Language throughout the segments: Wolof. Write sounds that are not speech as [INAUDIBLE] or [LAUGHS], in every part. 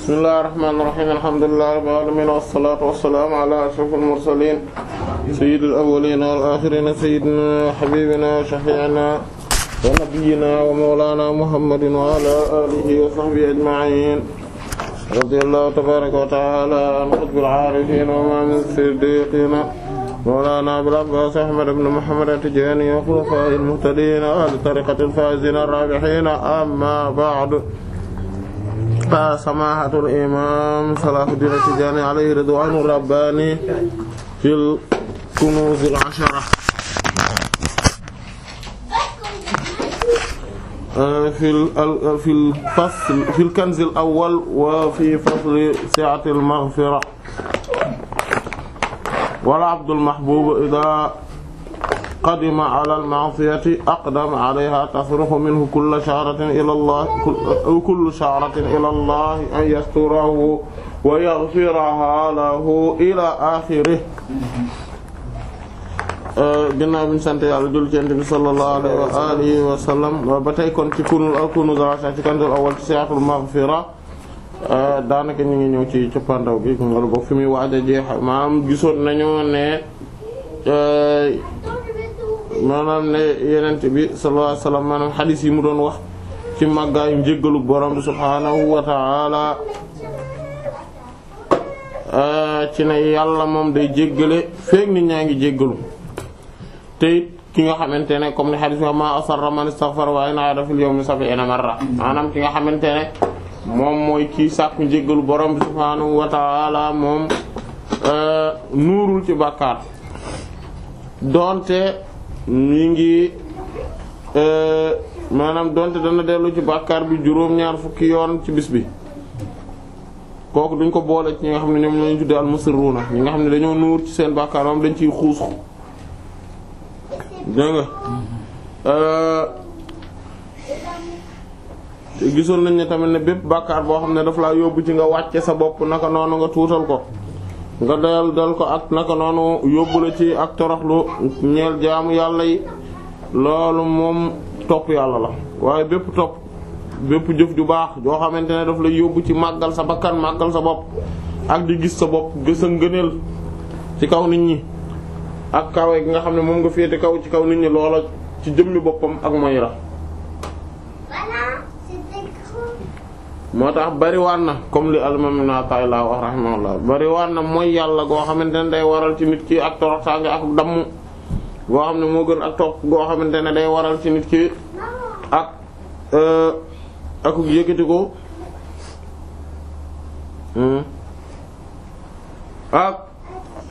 bismillahir rahmanir rahim alhamdulillahi rabbil alamin wassalatu wassalamu ala ashrafil mursalin sayyidil awwalin wal akhirin sayyidina habibina shafi'ina wa nabiyyina wa mawlana muhammadin wa ala alihi wa sahbihi ajma'in radiyallahu tabaraka wa ta'ala an qutbil arifin wa ma min siddiqina mawlana abil abbas ahmad ibn muhammad at-tijani wa khulafa'il muhtadin wa ahli tariqatil faizina ar-rabihin amma ba'du samaahatul imaam Salahuddin At-Tidjânî alayhi ridwaanu rabbaani fil kunuuzil ashara fil fil fasl fil kanzil awwal wa fi fasli si'atil maghfira wala Abdul Mahbub idaa qadima ala al-ma'siyati aqdama alayha tafruxu minhu kullu sha'ratin ila Allah kullu sha'ratin ila Allah an yasturahu wa yaghfiraha lahu ila axirih ginnaaw bi ñu sant yàlla jul ci Yonent bi sallallahu alayhi wa alihi wa sallam ba tey kon ci kunul al kunuz al-ashar ci kanzul awwal ci si'atul maghfira daanaka ñu ngi ñëw ci cëppandaw gi wala boog fi muy waaj a jeex maam gisoon nañu ne maanaam ne yenent bi sallallahu alayhi wasallam maanaam xadis yi mu doon wax ci màggaayu njéggalu borom bi subhaanahu wa ta'ala ah, ci yàlla moom day jéggale feek ñaa ngi jéggalu te ki nga xamante ne comme ni xadis bi ma asarra man istaghfara wa in 'ada fil maanaam ki nga xamante ne moom mooy kii sàkku njéggalu borom bi subhaanahu wa ta'ala moom ah, nuurul ci bàkkaar doonte mi ngi euh, maanaam donte dana dellu ci bàkkaar bi juróom-ñaar fukki yoon ci bis bi kooku duñ ko boole ci ñi nga xam ne ñoom lañu tudde al musirruuna ñi nga xam ne dañoo nuur ci seen bàkkaar moom dañ ciy xuus dégg nga euh, gisoon nañ ne tamit ne bépp bàkkaar boo xam ne daf laa yóbbu ci nga wàcce sa bopp naka noonu nga tuutal ko nga dayal dal ko ak naka noonu yóbbu la ci ak toroxlu ñeel jaamu yàlla yi loolu moom topp yàlla la waaye bépp topp bépp jëf ju baax joo xamante ne daf lay yóbbu ci màggal sa bakkan màggal sa bopp ak di gis sa bopp gis sa ngëneel ci kaw nit ñi ak kawe gi nga xam ne moom nga féete kaw ci kaw nit ñi loola ci jëmmi boppam ak moy la moo tax bariwaan na comme li alimam ibn Ata'illah wax rahimahullah bariwaan na mooy yàlla goo xamante ne day waral ci nit ki ak toroxtaange ak damm ne moo gën ak topp goo xamante ne day waral ci nit ki euh, ko hmm, ak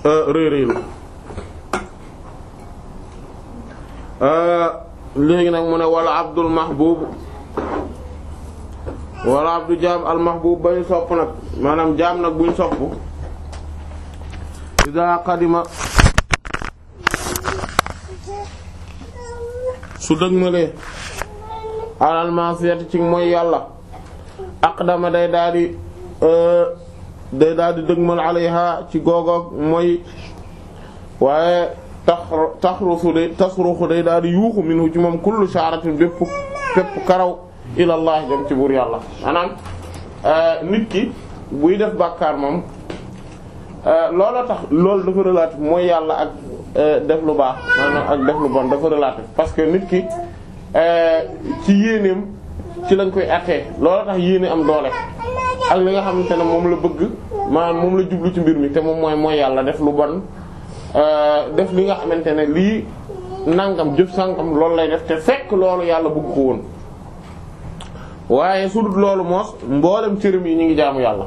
euh, réeréelu euh, léegi nag mu ne wala abdul mahbub wala abdu jaam al mahbub ba ñu sopp nag maanaam jaam nag bu ñu sopp idaa qadima su dëgmalee alal ci mooy yàlla aqdama day daldi euh, day daldi dëgmal alayha ci googoog mooy waaye tax taxrusu day tasruxu day daldi yuuxu minhu ci moom kullu sha'ratin bépp bépp karaw ilallaah jëm ci buur yàlla maanaam euh, nit ki buy def bàkkaar moom euh, looloo tax loolu dafa relatif mooy yàlla ak euh, def lu baax maanaam ak def lu bon dafa relatif parce que nit ki ci yéeneem ci lañ koy attee looloo tax yéene am doole ak li nga xamante ne moom la bëgg maanaam moom la jublu ci mbir mi te moom mooy mooy yàlla def lu bon def li nga xamante ne lii nangam jëf sangam loolu lay def te fekk loolu yàlla bugg ko woon waaye su dul loolu moos mboolem cëram yi ñu ngi jaamu yàlla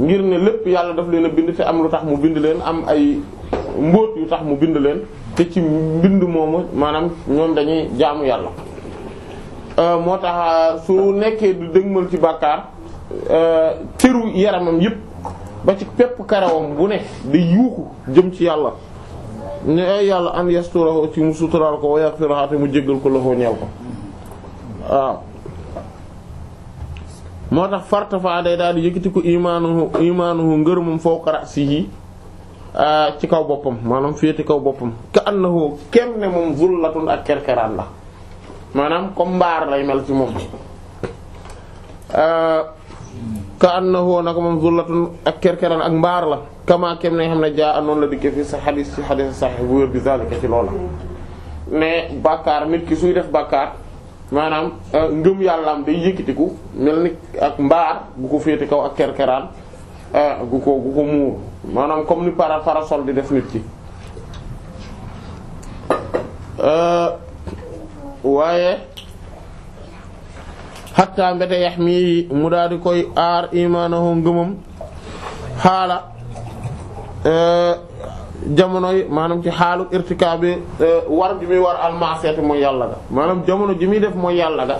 ngir ne lépp yàlla daf leen a bind te am lu tax mu bind leen am ay mbóot yu tax mu bind leen te ci mbind moomu maanaam ñoom dañuy jaamu yàlla euh, moo tax su nekkee du dëgmal ci bàkkaar cëru euh, yaramam yépp ba ci pépp karawam bu ne di yuuxu jëm ci yàlla ne ay yàlla an yasturahu ci mu suturaal ko wa yaghfirahu mu jéggal ko loxo ñeel ko waaw moo tax fartafa day daal di yëkkati ko imaanuhu imaanuhu ngërëmam fawqa ra'sihi ci kaw boppam maanaam féete kaw boppam ka annahu kem ne moom zullatun ak kerkeraan la maanaam comme mbaar lay mel ci moom ka annahu nag moom zullatun ak kerkeraan ak mbaar la kama kem ne xam ne jaa anoon la dikkee fii sa xadis ci xadis saxih bu wér bi zalika ci loola ne bàkkaar nit ki suy def bàkkaar maanaam euh, ngëm yàllaam day yëkkatiku mel ni ak mbaar gu ko féete kaw ak kerkeraan euh, gu ko gu ko muur maanaam comme ni para di def nit ki euh, waaye xatta mbete yax mi mu daal di koy aar imaanahoo ngëmam xaala jamono yi maanaam ci xaalu irtikaab bi euh, war ji muy war almaasiyati mooy yàlla ga maanaam jamono ji muy def mooy yàlla ga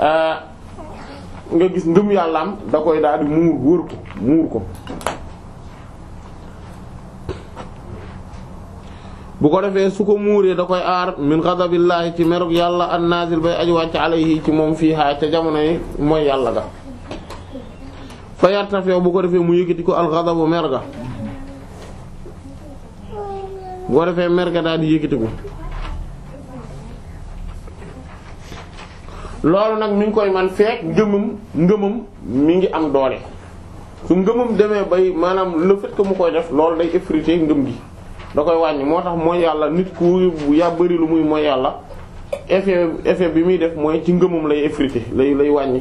euh, gis ngëm yàllaam da koy daal di muur wër ko muur su ko muuree da koy aar min ghadabillahi ci merug yàlla an nazil bay aju wàcc alayhi ci moom fii haa ca jamono yi mooy yàlla ga fa yartafee bu ko defee mu yëkkati ko al ghadabu mer bu defee mer ga daal di yëkkatiku loolu nag mi ngi koy man fekk ngëmam ngëmam mi ngi am doole su ngëmam demee bay maanaam le fait mu koy def loolu day effriter ngëm gi da koy wàññi moo tax mooy yàlla nit ku ya bëri lu muy mooy yàlla effet effet bi muy def mooy ci ngëmam lay effriter lay lay wàññi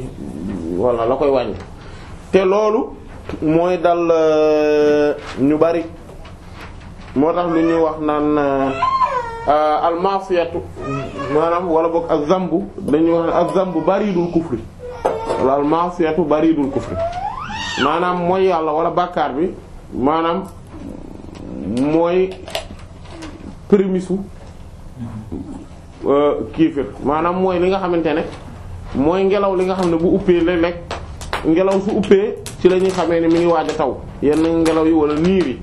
walla la koy wàññi te loolu mooy dal euh, ñu bari moo tax lu ñuy wax naan euh, almasiyatu maanaam wala boog ak zambu dañuy wax ne ak zambu baridul kufri wala almasiyatu baridul kufri maanaam mooy yàlla wala bàkkaar bi maanaam mooy prémisse u euh, kiifir maanaam mooy li nga xamante ne mooy ngelaw li nga xam ne bu uppee léeg lekk ngelaw su uppee ci la ñuy xamee ne mi ngi waaj a taw yenn ngelaw yi wala niir yi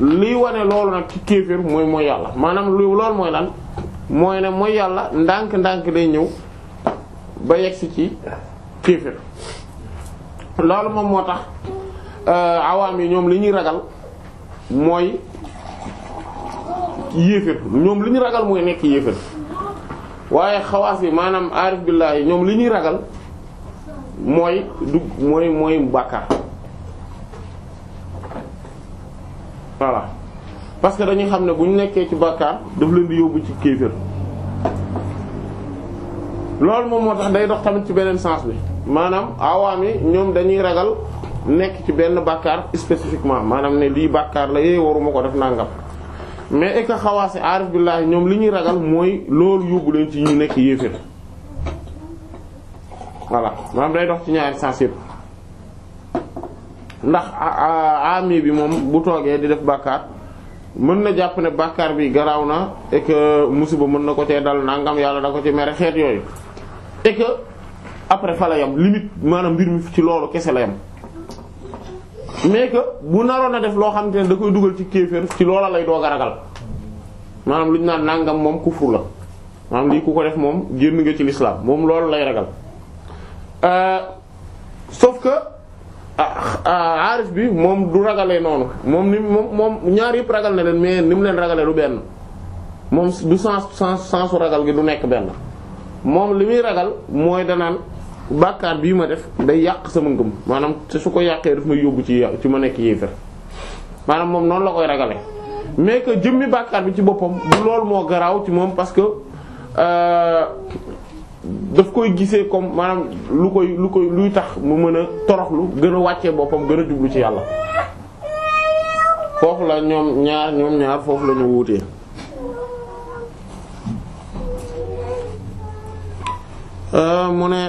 lii wane loolu nag ci kéefir mooy mooy yàlla maanaam lu lool mooy lan mooy ne mooy yàlla ndànk-ndànk day ñëw ba yegsi ci kéefir loolu moom moo tax euh, awaam yi ñoom li ñuy ragal mooy yéefir ñoom li ñuy ragal mooy nekk yéefir waaye xawaas yi maanaam aarif billaahi ñoom li ñuy ragal mooy dugg mooy mooy bàkkaar voilà parce que dañuy xam ne bu ñu nekkee ci bàkkaar daf leen di yóbbu ci kéefër loolu moom moo tax day dox tamit ci beneen sens bi maanaam awaam yi ñoom dañuy ragal nekk ci benn bàkkaar specifiquement maanaam ne lii bàkkaar la yee waruma ko def nangam mais ek xawaasi aarif billaahi ñoom li ñuy ragal mooy loolu yóbbu leen ci ñu nekk yéefër voilà maanaam day dox ci ñaari sens yëpp ndax ami bi moom bu toogee di def bàkkaar mën na jàpp ne bàkkaar bi garaaw na et que musiba mën na ko cee dal nangam yàlla da ko ci mere xeet yooyu et que après fa la yam limite maanaam mbir mi ci loolu kese la yam mais que bu naroon na def loo xamante ne da koy dugal ci kéefër ci loola lay doog a ragal maanaam lu ñu naan nangam moom kufru la maanaam lii ku ko def moom génn nga ci lislaam moom loolu lay ragal euh, sauf que. Ah, ah, aarif bi moom du ragale noonu moom ni moom moom ñaar yëpp ragal na leen mais ni mu leen ragalee lu benn moom du sens sens sensu ragal gi du nekk benn moom li muy ragal mooy danaan bàkkaar bii ma def day yàq sama ngëm maanaam te su ko yàqee daf may yóbbu ci ci ma nekk yéefar maanaam moom noonu la koy ragale mais que jëmmi bàkkaar bi ci boppam bu loolu moo garaaw ci moom parce que euh, daf koy gisee comme maanaam lu koy lu koy luy tax mu mën a toroxlu gën a wàccee boppam gën a jublu ci yàlla foofu la ñoom ñaar ñoom ñaar foofu lañu ñu wuutee euh, mu ne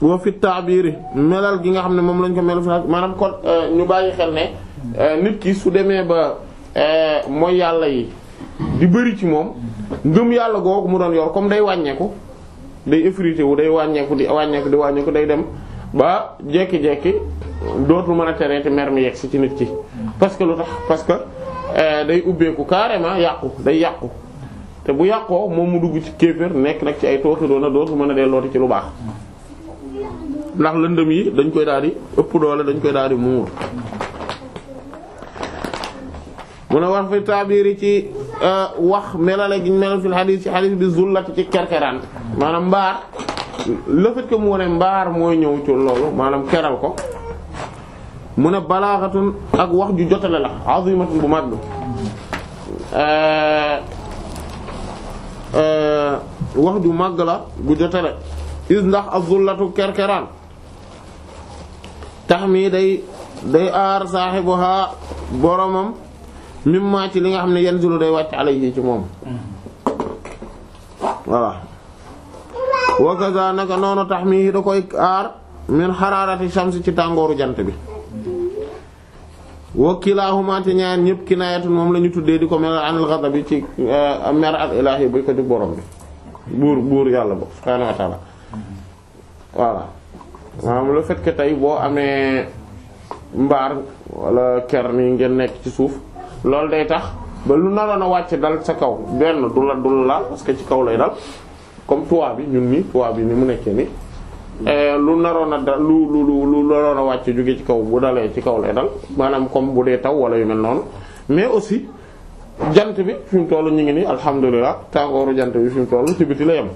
boo fi taabiri melal gi nga xam ne moom lañ ko melal fi maanaam kon euh, ñu bàyyi xel ne euh, nit ki su demee ba mooy yàlla yi di bëri ci moom ngëm yàlla googu mu doon yor comme day wàññeeku day effrité wu day wàññeeku di wàññeeku di wàññeeku day dem ba jekki-jekki dootul mën a traité mer mi yegg si ci nit ci parce que lu tax parce que euh, day ubbeeku carrément yàqu day yàqu te bu yàqoo moom mu dugg ci kéefër nekk nag ci ay tooxi doona dootul mën a dellooti ci lu baax ndax lëndëm yi dañ koy daal di ëpp doole dañ koy daal di muur mu ne wax fi yi ci Euh, wax melale gi melal fil xadis ci xadis bi zullati ci kerkeraan maanaam mbaar le fait mu wone mbaar mooy ñëw ci loolu maanaam keral ko mu ne balaaxatun ak wax ju jotale la azimatun bu mag euh, euh, ju màgg la bu jotale is ndax azullatu kerkeraan tax mi day day aar saaxibuha boromam mimma ci li nga xam ne yenn yanzilu day wàcc alayhi ci moom voilà wa kaza naka noonu tahmihi da koy aar min xaraarati shamsi ci tàngooru jant bi wa kilaahuma te ñaar ñëpp kinaayatun moom la tuddee di ko mel anil ghadab euh, bi ci mer al ilaahi bu ko di borom bi buur buur yàlla bo subhaanahu wa ta'ala voilà maanaam le boo amee mbaar wala ker ni ngeen nekk ci suuf loolu day tax ba lu naroon a wàcc dal sa kaw benn du la du la laal parce que ci kaw lay dal comme toit bi ñun nii toit bi ni mu nekkee nii. Eh, lu naroon a dal lu lu lu lu a wàcc jóge ci kaw bu dalee ci kaw lay dal maanaam comme bu dee taw wala yu mel noonu mais aussi jant bi fi mu toll ñu ngi nii alhamdulilah tàngooru jant bi fi mu toll ci biti la yem.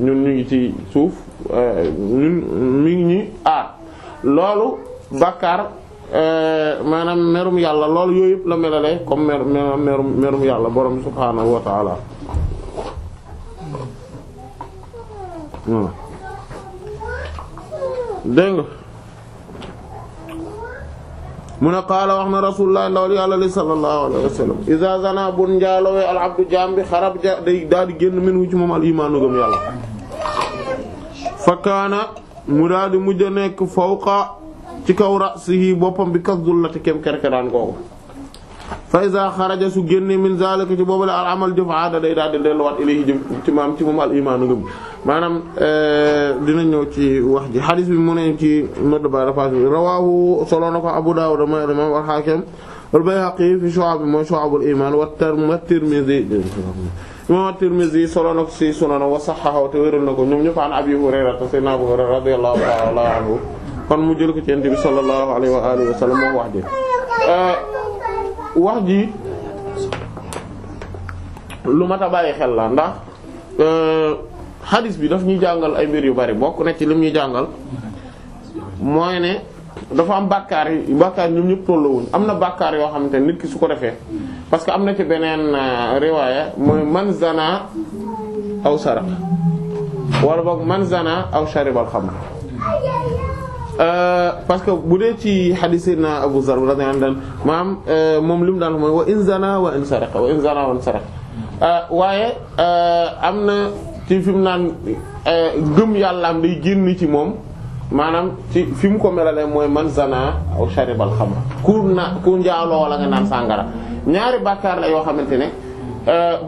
ñun ñu ngi ci suuf eh, ñun mi ngi ñuy aar ah, loolu bàkkaar Euh, maanaam merum yàlla loolu yooyu yëpp la melalee merum yàlla borom subhaanahu wa taala dégg qaala wax na rasulullah ndawal yàlla li sallallahu alayhi wa sallam zana bun njaalowee al abdu jaam xarab ja day di génn min wu moom al imaanu gëm yàlla fa kaana mu daal mujj a nekk fawqa ci kaw si boppam bi kas dul lati kem kerkeraan googu fa iza xaraja su génne min zalika ci boobale al amal jëf aada day daal di delluwaat ilayhi jëm ci maam ci moom al imaanu ngëm maanaam eh, dina ñëw ci wax ji xadis bi mu ne ci nodd ba dafa rawahu solo na ko abu dawud mooy imam al hakim al bayhaqi fi shu'ab mooy shu'abul iman wa tirmidhi imam at-Tirmidhi solo na ko ci sunan wa sahhahu te wéral na ko ñoom ñëpp an abi hurayra te abu hurayra radiyallahu ta'ala kon mu jël ko ci bi sallallahu alayhi wa alihi wa sallam moom wax ji euh, wax ji lu mat a bàyyi xel la ndax euh, hadis bi daf ñuy jàngal ay mbir yu bari bokk na ci lim ñuy jàngal mooy ne dafa am bàkkaar yi bàkkaar ñoom ñëpp tolluwuñ am na bàkkaar yoo xamante nit ki su ko defee parce que am na ci beneen euh, riwaaya mooy man zana aw saraq walla boog man zana aw sharibal xamr Euh, parce que bu dee ci hadith na Abu Zar radiyallahu anhu euh, li mu daan mooy wa in zana wa in euh, waaye am na ci fi mu naan gëm yàllaam day génn ci moom maanaam ci fi mu ko mooy man zana aw sharibal xamra na ku njaaloo wala nga naan sàngara ñaari bàkkaar la yoo xamante ne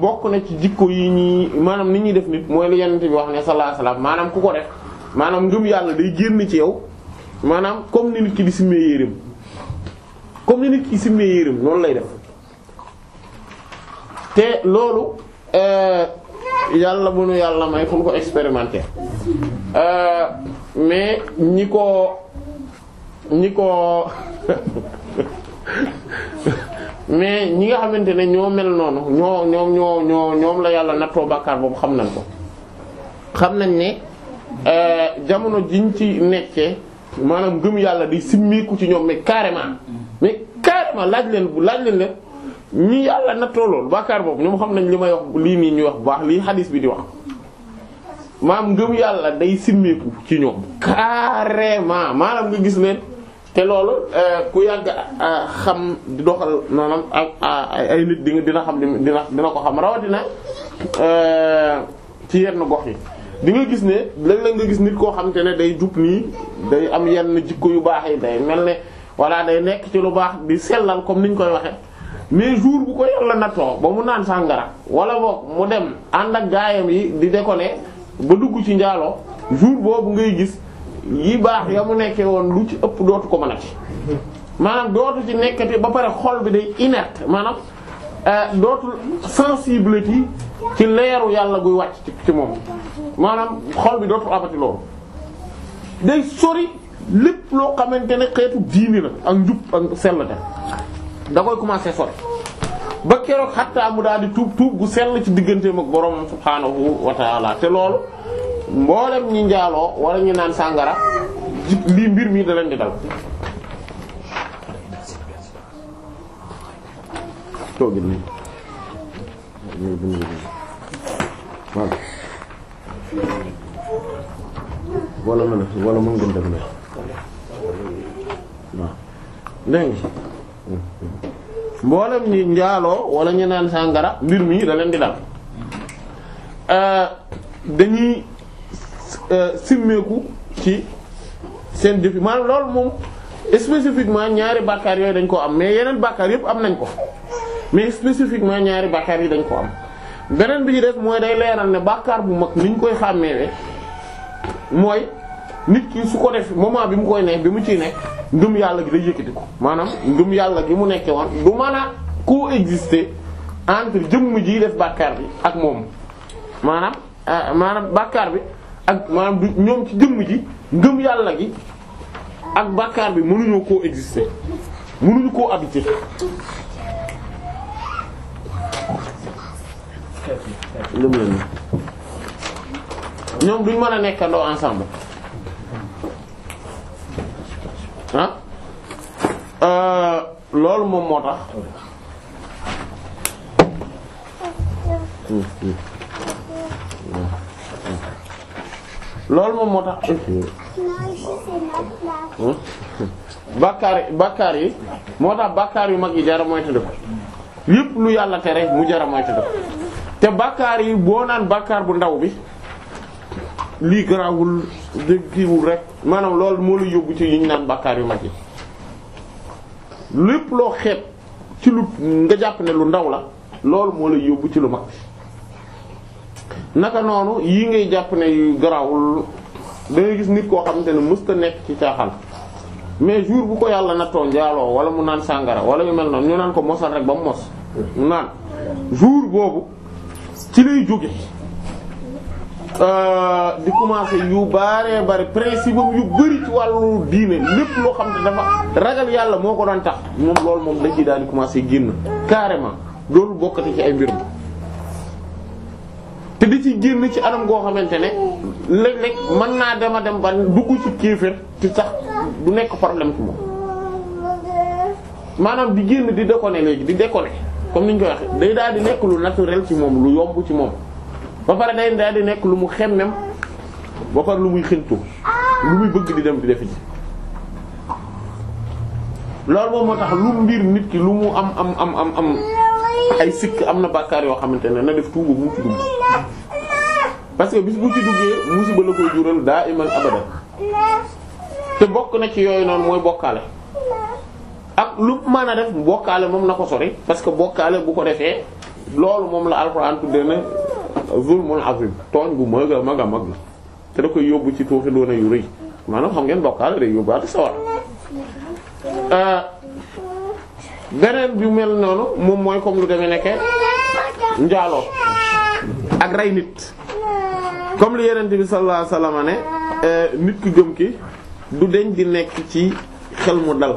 bokk na ci jikko yi ñi maanaam ni ñuy def nit mooy li yonent bi wax ne sallallahu alayhi wasallam maanaam ku ko def maanaam ngëm yàlla day génn ci yow maanaam comme ni nit ki di simmee yéreem comme ni nit ki simmee yéreem loolu lay def te loolu euh, yàlla bu nu yàlla may fu ko expérimenter euh, mais ñi ko ñi ko [LAUGHS] mais ñi nga xamante ne ñoo mel noonu ñoo ñoom ñoo ñoo ñoom la yàlla nattoo bàkkaar boobu xam nañ ko xam nañ ne euh, jamono jiñ ci nekkee maanaam ngëm yàlla di simmiku ci ñoom mais carrément mais carrément laaj leen bu laaj leen ne ñi yàlla nattoo loolu bàkkaar boobu ñoom xam nañ li may wax lii nii ñuy wax bu baax lii xadis bi di wax maanaam ngëm yàlla day simmiku ci ñoom carrément maanaam nga gis leen te loolu euh, ku yàgg xam di doxal maanaam ak ay nit di dina xam dina dina ko xam rawatina euh, ci yenn gox yi di nga gis ne léeg-léeg nga gis nit koo xamante ne day jub nii day am yenn jikko yu baax yi day mel ne walla day nekk ci lu baax di sellal comme niñ koy waxe mais jour bu ko yàlla nattoo ba mu naan sàngara wala boog mu dem ànd ak gaayam yi di déconner ba dugg ci njaaloo jour boobu ngay gis yi baax ya mu nekkee woon lu ci ëpp dootu ko mën a ci maanaam dootu ci nekkati ba pare xool bi day inerte maanaam Euh, dootul sensible ci ci leeru yàlla guy wàcc ci moom maanaam xool bi dootul amati loolu day sori lépp loo xamante ne xeetu diini la ak njub ak sell da koy commencer sori ba keroog xattaa mu daal di tuub tuub gu sell ci digganteem ak boroomam subhaanahu wa ta'ala te loolu mboolem ñi njaaloo wala ñu naan sàngara lii mbir mii da leen di dal toogil nii ñuy bind voilà wala mën a wala mën ngeen dem ne mboolem ñi njaaloo wala ñu naan sàngara mbir mi da leen di daal euh, dañuy euh, simmeeku ci seen jëf maanaam loolu moom spécifiquement ñaari bàkkaar yooyu dañ koo am mais yeneen bàkkaar yëpp am nañ ko mais spécifiquement ñaari bàkkaar yi dañ ko am beneen bi ñu def mooy day leeral ne bàkkaar bu mag ni ñu koy xàmmeewee mooy nit ki su ko def moment bi mu koy nekk bi mu ciy nekk ngëm yàlla gi day yëkkati ko maanaam ngëm yàlla gi mu nekkee woon du mën a coexister entre jëmm ji def bàkkaar bi ak moom maanaam euh, maanaam bàkkaar bi ak maanaam du ñoom ci jëmm ji ngëm yàlla gi ak bàkkaar bi mënuñoo coexister mënuñu cohabiter gëm leen ñoom duñ mën a nekkandoo ensemble ah euh, loolu moom moo tax loolu moom moo tax hmm? bàkkaar bàkkaar yi moo tax bàkkaar yu mag yi jara ko yëpp lu yàlla te tere mu jar a moytu te bàkkaar yi boo naan bàkkaar bu ndaw bi lii garaawul jéggiwul rek maanaam loolu moo yóbbu ci yi naan bàkkaar yu mag yi lépp loo xeeb ci lu nga jàpp lu ndaw la loolu moo lay yóbbu ci lu mag naka noonu yii ngay jàpp ne yu garaawul da ngay gis nit koo xamante ne mësta nekk ci caaxaan mais jour bu ko yàlla nattoo njaaloo wala mu naan sàngara wala yu mel noonu ñu naan ko mosal rek ba mu mos naan jour boobu ci lay jóge euh, di commencer yu bare bare principe yu bëri ci wàllu diine lépp loo xam ne dafa ragal yàlla moo ko daan tax moom loolu moom dañ ci daal di commencer génn carrément loolu bokkati ci ay mbir mi te di ci génn ci anam goo xamante ne léeg-léeg mën naa dema dem ba dugg ci kéefër te sax du nekk problème ci moom maanaam di génn di déconner léegi di déconner comme ni ñu ko waxee day daal di nekk lu naturel ci moom lu yomb ci moom ba pare day daal di nekk lu mu xemmem ba pare lu muy xintu lu muy bëgg di dem di def loolu moom moo tax lu mbir nit ki lu mu am am am am am ay sikk am na bàkkaar yoo xamante ne na def tuuba bu mu ci dugg parce que bis bu ci duggee musiba la koy jural daa iman abada te bokk na ci yooyu noonu mooy bokkaale ak lu mën a def bokkaale moom na ko sori parce que bokkaale bu ko defee loolu moom la alxuraan tuddee na zulmul azim tooñ bu mag a mag a mag la te da koy yóbbu ci tooxi doona yu rëy maanaam xam ngeen bokkaale day yóbbaate sawar euh, beneen bi mel noonu moom mooy comme lu demee nekke njaaloo ak rey nit comme li yeneen bi sallallahu alayhi ne euh, nit ki gëm ki du deñ di nekk ci xel mu dal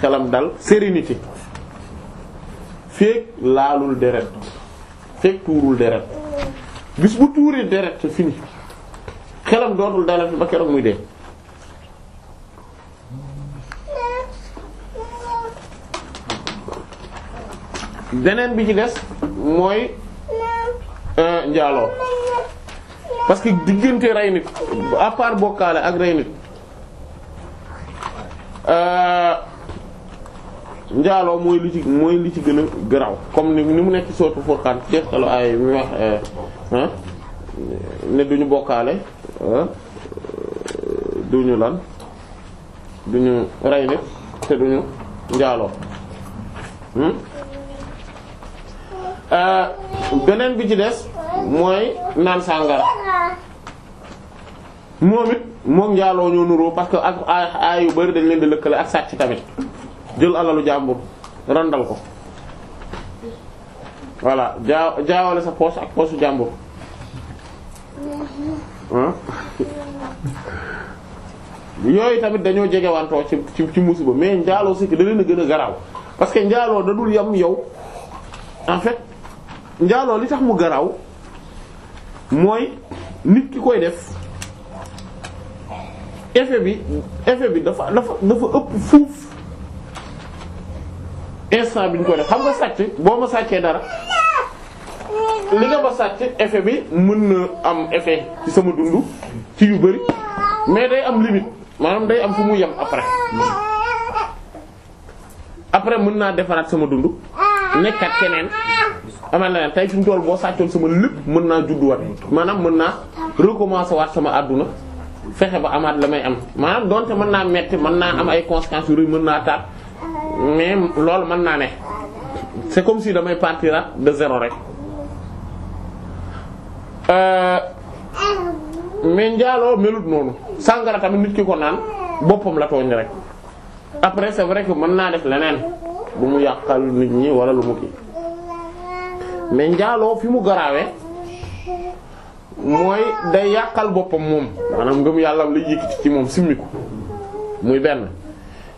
xelam dal sérénité feek laalul deret feek tuurul deret bis bu tuuree deret fini xelam dootul dalal ba keroog muy dee beneen bi ci des mooy euh, njaaloo parce que diggante rey nit à bokkaale ak rey nit euh, njaaloo mooy li ci mooy li ci gën a garaaw comme ni mu nekk sootu Furqaan jeextalu ay mi wax eh, ne duñu bokkaale ñu lan duñu rey nit te duñu njaaloo hmm? eh, beneen bi ci des mooy naan sàngara moom it moom njaaloo ñoo nuroo parce que ak ay yu bari dañ leen di lëkkale ak sàcc tamit jël alalu jàmbur randal ko voilà jaa jaawale sa poche ak poche su jàmbur [LAUGHS] yooyu tamit dañoo jegewantoo ci ci ci mais njaaloo si da leen gën a garaaw parce que njaaloo da dul yam yow en fait njaaloo li tax mu garaaw mooy nit ki koy def effet bi effet bi dafa dafa dafa ëpp fuuf instant bi ñu ko xam nga sàcc boo ma sàccee dara li nga ba sàcc effet bi mën na am effet ci sama dund ci yu bari mais day am limite maanaam day am fu muy yem après après mën naa defaraat sama dund nekkat keneen amal na tey fi mu toll boo sàccoon sama lépp mën naa judduwaat maanaam mën naa recommencer waat sama àdduna fexe ba amaat la may am maanaam donte mën naa metti mën naa am ay conséquences yu rëy mën naa taat mais loolu mën naa ne c'est comme si damay partir de zéro rek euh, mais njaaloo melut noonu sàngara tamit nit ki ko naan boppam la tooñ rek après c'est que mën naa def leneen lu mu yàqal nit ñi wala lu mu kii mais njaaloo fi mu garaawee mooy day yàqal boppam moom maanaam ngëm yàllam lay yëkkati ci moom simmiku muy benn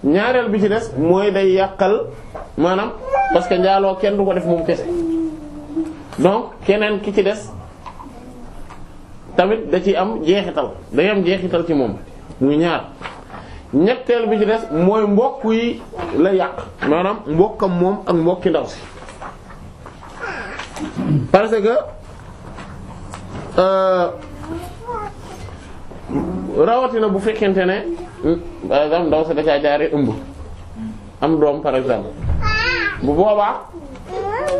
ñaareel bi ci des mooy day yàqal maanaam parce que njaaloo kenn du ko def moom kese donc keneen ki ci des tamit da ciy am jeexital day am jeexital ci moom muy ñaar ñetteel bi ci des mooy mbokk yi la yàq maanaam mbokkam moom ak mbokki ndaw si parce que euh, rawatina bu fekkente ne par exemple euh, ndaw da caa jaaree ëmb am doom par bu boobaa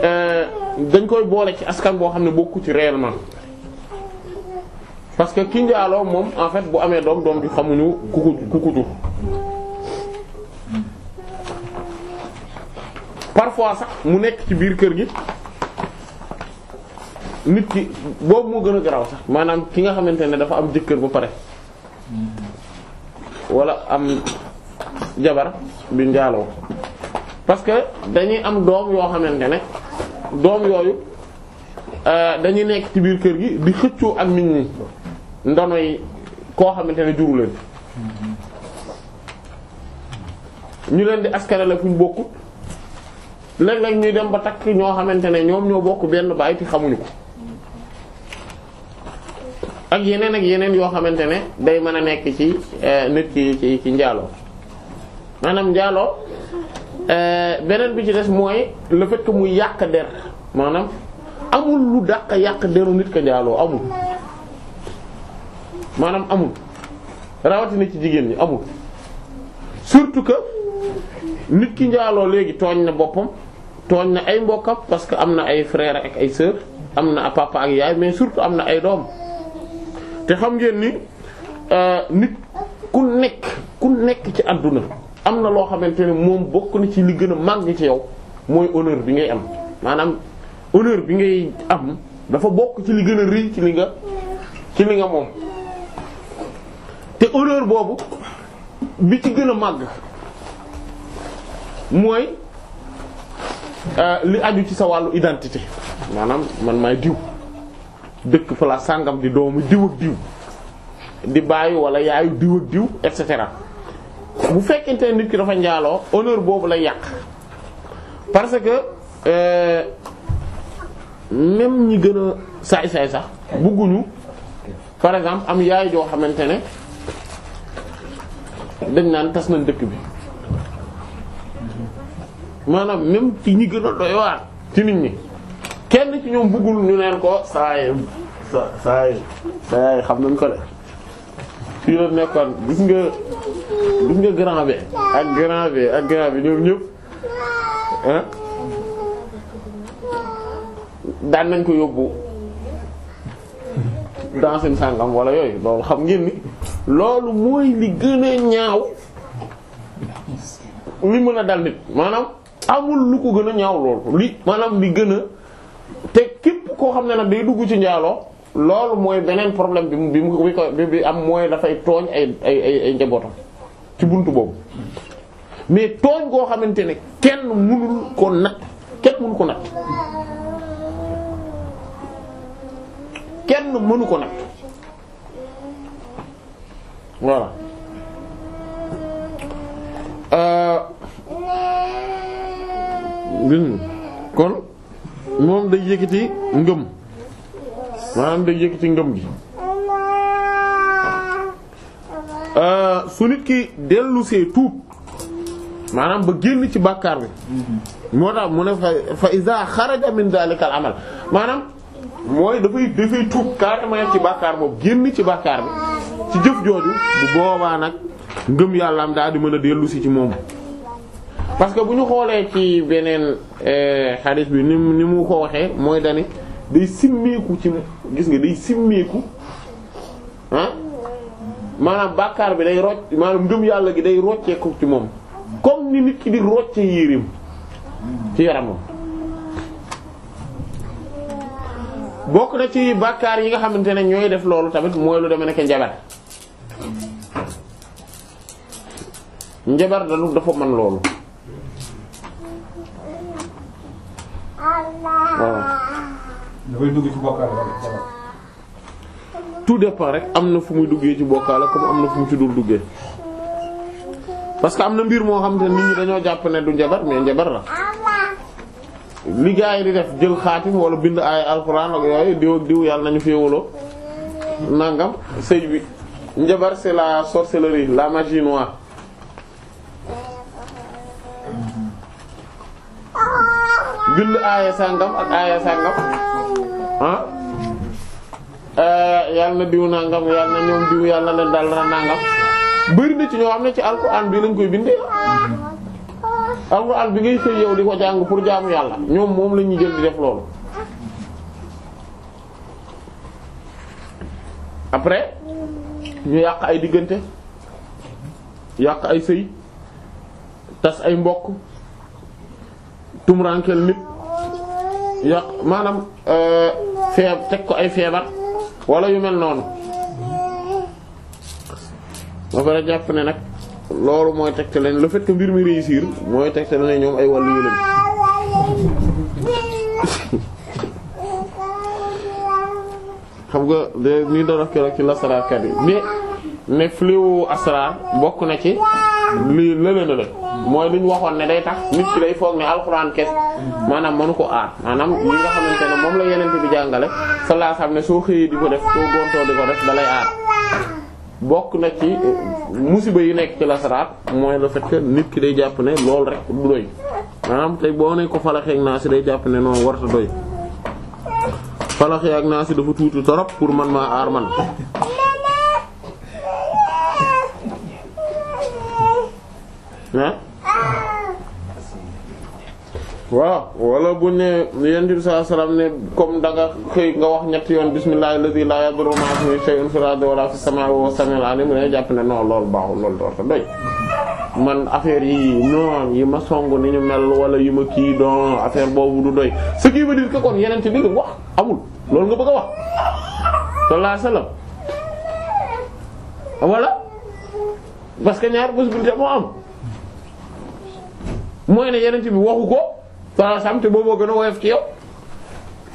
euh, dañ koy boole ci askan boo xam ne bokku ci réellement parce que ki njaaloo moom en fait bu amee doom doom bi xamuñu ku ku ku jur sax mu nekk ci biir kër gi nit ki boobu moo gën a garaaw sax maanaam ki nga xamante ne dafa am jëkkër ba pare wala am jabar bi njaaloo parce que dañuy am doom yoo xamante ne doom yooyu euh, dañuy nekk ci biir kër gi di xëccoo ak nit ñi ndono yi koo xamante ne juru ñu leen di askanale fu ñu bokkut léeg-léeg ñuy dem ba takk ñoo xamante ne ñoom ñoo bokk benn baay te xamuñu ko ak yeneen ak yeneen yoo xamante ne day mën a nekk ci euh, nit ki ci ci njaaloo maanaam njaaloo euh, beneen bi ci des mooy le fait muy yàq der maanaam amul lu dàq yàq deru nit ka njaaloo amul maanaam amul rawatina ci jigéen ñi amul surtout que nit ki njaaloo léegi tooñ na boppam tooñ na ay mbokkam parce que am na ay frère ak ay sœur am na papa ak yaay mais surtout am na ay doom te xam ngeen ni euh, nit ku nekk ku nekk ci àdduna am na loo xamante ne moom bokk na ci li gën a màgg ci yow mooy honneur bi ngay am maanaam honneur bi ngay am dafa bokk ci li gën a rëy ci li nga ci li nga moom te honneur boobu bi ci gën a màgg mooy euh, li aju ci sa wàllu identité maanaam man maay diw dëkk fa la sàngam di doomu diw ak diw di bàyyi wala yaayu diw ak diw et cetera bu fekkente nit ki dafa njaaloo honneur boobu lay yàq parce que euh, même ñi gën a saay saay sax bugguñu par exemple am yaay joo xamante ne dañ naan tas nañ dëkk bi maanaam même ci ñi gën a doy waar ci nit ñi kenn ci ñoom bëggul ñu neen ko saa yi sa xam nañ ko de fii la nekkoon gis nga gis nga grand bi ak grand bi ak grand bi ñoom ñëpp ah, daan nañ ko yóbbu dansin sàngam wala yooyu loolu xam ngeen ni loolu mooy li gën a ñaaw li mën a dal nit maanaam amul lu ko gën a ñaaw loolu li maanaam li gën a te képp koo xam ne nag day dugg ci njaaloo loolu mooy beneen problème bi bi mu bi ko bi am mooy dafay tooñ ay ay ay njabootam ci buntu boobu mais tooñ goo xamante ne kenn mënul ko natt kenn mënu ko natt kenn mënu ko natt voilà euh, kon moom day yëkkati ngëm maanaam day yëkkati ngëm gi euh, su nit ki dellusee see maanaam ba génn ci bàkkaar bi mm-hmm. moo tax mu ne fa iza xaraja min zalika al amal maanaam mooy dafay dafay tuub carrément ci bàkkaar boobu ci bàkkaar bi ci jëf jooju bu boobaa nag ngëm yàlla am daal di mën a dellusi ci moom parce que bu ñu xoolee ci beneen xadis euh, bi ni mu ni mu ko waxee mooy dani day simmeeku ci gis nga day simmeeku ah maanaam bàkkaar bi day rocc maanaam ngëm yàlla gi day rocceeku ci moom comme ni nit ki di rocce yérim ci yaramam bokk na ci bàkkaar yi nga xamante ne ñooy def loolu tamit mooy lu deme nekk njabar njabar dalu dafa mën loolu dugg tout dépend rek am na fu muy duggee ci bokkaale comme am na fu mu ci dul duggee parce que am na mbir moo xam te nit ñi dañoo jàpp ne du njabar mais njabar la li gaa yi di def jël xaatim wala bind ay alxuraan ak yooyu diw ak diw yàlla nañu féewaloo nangam sëy bi njabar c'est la sorcellerie la magie noire mm-hmm. julli aaya sàngam ak aaya sàngam ah eh, yàlla na diw nangam yàlla na ñoom diw yàlla na leen daal na nangam bëri ci ñoo xam ne ci alxuraan bi lañ koy bindee alxuraan bi ngay xëy yow di ko jàng pour jaamu yàlla ñoom moom la ñuy jël di def loolu. après ñu yàq ay diggante yàq ay sëy tas ay mbokk. tumuraankel nit yàq maanaam euh, feeb teg ko ay feebar wala yu mel noonu ba pare jàpp ne nag loolu mooy tegte leen le fait mbir mi réussir mooy tegte leen ñoom ay wàllu yu leen xam nga de nii doon wax keroog ci lasaraarkat yi mais mais fléau asrar bokk na ci lii lële na la mooy lu ñu waxoon ne day tax nit ki day foog ne alxuraan kes maanaam mënu ko aar maanaam li nga xamante ne moom la yenente bi jàngale salaa xam ne soo xëyee di ko def soo gontoo di ko def dalay aar bokk na ci musiba yi nekk ci lasaraat mooy la fait que nit ki day jàpp ne loolu rek du doy maanaam tey boo ne ko falaxeek naa si day jàpp ne noonu warta doy falaxee ak naa si dafa tuuti torop pour man maa aar man waaw walla bu ne yonent bi sallallahu alayhi ne comme da nga xëy nga wax ñetti yoon bismillahi alladhi la yadurru ma'a ismihi shay'un fil ardi wala fis samaa'i jàpp ne non loolu baaxul loolu doorta doy man affaire yi non ma song ni ñu yi ma kii don affaire boobu du doy ce qui veut wax amul loolu nga bëgg a wax sallallahu alayhi wasallam voilà parce que ñaar possibilité moo am mooy ne yonent bi waxu ko. salaasam te booboo gën a woyof ci yow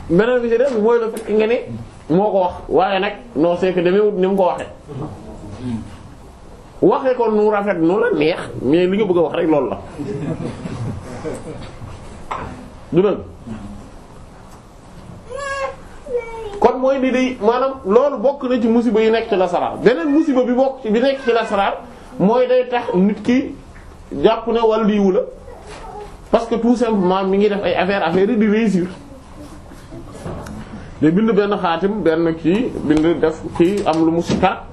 beneen bi ci def mooy la fekk nga ne moo ko wax waaye nag noo c'est demee demeewut ni mu ko waxee waxee ko nu rafet nu la neex mais li nga bëgg a wax rek loolu la du dëgg kon mooy ni day maanaam loolu bokk na ci musiba yi nekk ci la lasaraar beneen musiba bi bokk ci bi nekk ci la lasaraar mooy day tax nit ki jàpp ne wàlliwu la parce que tout simplement mi ngi def ay affaire affaire yi di réussir day bind benn xaatim benn kii bind def kii am lu mu si kar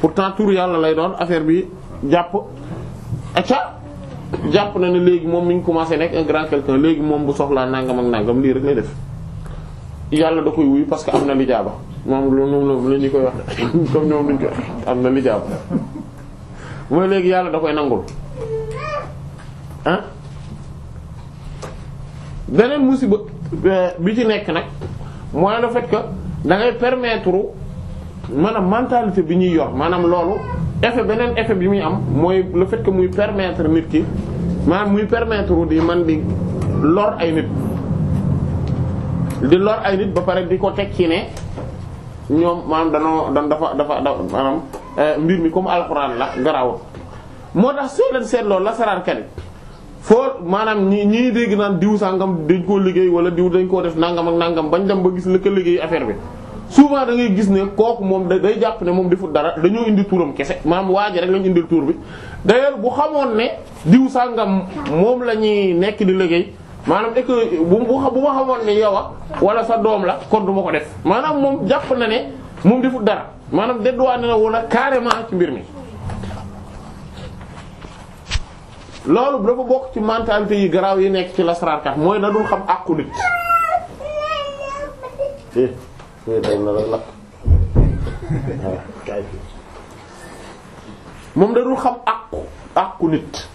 pourtant tur yàlla lay doon affaire bi jàpp acca jàpp na ne léegi moom mi ngi commencé nekk un grand quelqu'un léegi moom bu soxlaa nangam ak nangam lii rek lay def yàlla da koy wuyu parce que am na lijaaba moom loolu moom la ñu koy wax [LAUGHS] comme ñoom lañu koy am na lijaaba mooy léegi yàlla da koy nangul beneen musiba euh, bi ci nekk nag mooy le fait que da ngay permettre maanaam bi ñuy yor maanaam loolu effet beneen effet bi muy am mooy le fait muy permettre nit ki maanaam muy permettre di man di lor ay nit di lor ay nit ba pare di ko teg ci ne ñoom maanaam danoo dan dafa dafa da maanaam euh, mbir mi comme alxuraan la garawut moo tax soo seetloo la sararkat yi foo maanaam ñi ñii dégg naan diw sàngam dañ koo liggéey wala diw dañ koo def nangam ak nangam bañ dem ba gis la ko liggéey affaire bi souvent da ngay gis ne kooku moom day jàpp ne moom deful dara dañoo indi turam kese maanaam waa ji rek lañu indil tur bi d'ailleurs bu xamoon ne diw sàngam moom la ñuy nekk di liggéey maanaam est bu bu ma xamoon ne yow a wala sa doom la kon du ko def maanaam moom jàpp na ne moom deful dara maanaam dédduwaane na wala carrément ci mbir mi loolu dafa bokk ci mentalité yi garaaw yi nekk ci lasaraarkat mooy na xam àqu nit. eh, eh [LAUGHS] moom da dul xam àqu àqu nit.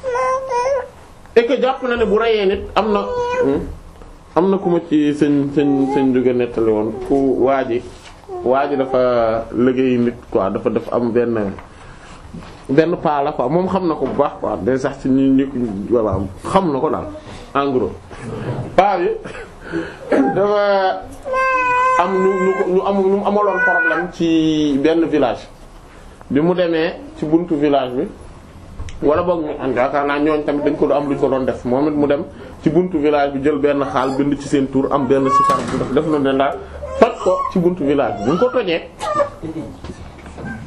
et que jàpp na ne bu reyee nit am na. Hmm? am na ku ma ci sëñ sëñ sëñ jóge nettali woon ku waa ji waa ji dafa liggéey nit quoi dafa def am benn. benn paa la quoi moom xam na ko bu baax quoi day sax si voilà xam na ko daal en gros bi [COUGHS] dafa am ñu ñu am ñu amaloon problème ci benn village bi mu demee ci buntu village bi wala boog ñu yaakaar naa ñooñ tamit dañ ko do am lu ñu ko doon def moom it mu dem ci buntu village bi jël benn xaal bind ci seen tur am benn si bu def def na ne daal ko ci buntu village bi bu ñu ko tojee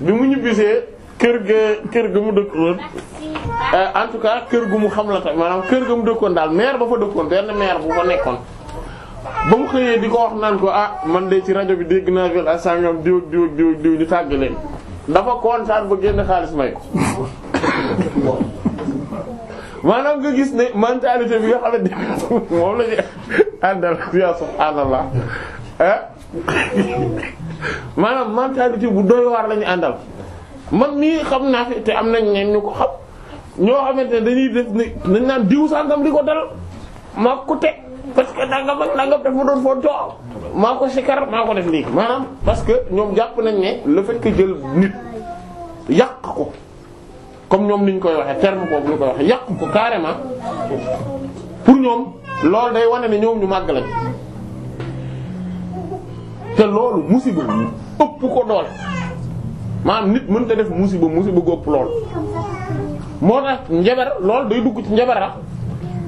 bi mu ñibbisee kër ga kër ga mu dëkkoon eh, en tout cas kër gu mu xam la tamit maanaam kër ga mu dëkkoon daal maire ba fa dëkkoon benn maire bu fa nekkoon ba mu xëyee di ko wax naan ko ah man de ci rajo bi dégg naa vel ak ah, sàngam diw diw diw ñu tàgg leen dafa kontaan ba génn xaalis may ko [LAUGHS] maanaam nga gis ne mentalité bi nga xam ne [LAUGHS] moom la ñu àndal yaa subhaanallah eh? [LAUGHS] maanaam mentalité bu doy waar la àndal man mii xam naa fi te am nañ ñeen ñu ko xam ñoo xamante ne dañuy def ni dañ naan diw sàngam li ko dal maa ko teg parce que nangam ak nangam daf ma doon foo jox maa ko sikar maa ko def léegi maanaam parce que ñoom jàpp nañ ne le fait que jël nit yàq ko comme ñoom niñ koy waxee terme boobu ñu koy waxee yàq ko carrément pour ñoom loolu day wane ne ñoom ñu màgg lañ te loolu musiba ëpp ko doole maanaam nit mënta def musiba musiba góob lool. moo tax njabar lool day dugg ci njabara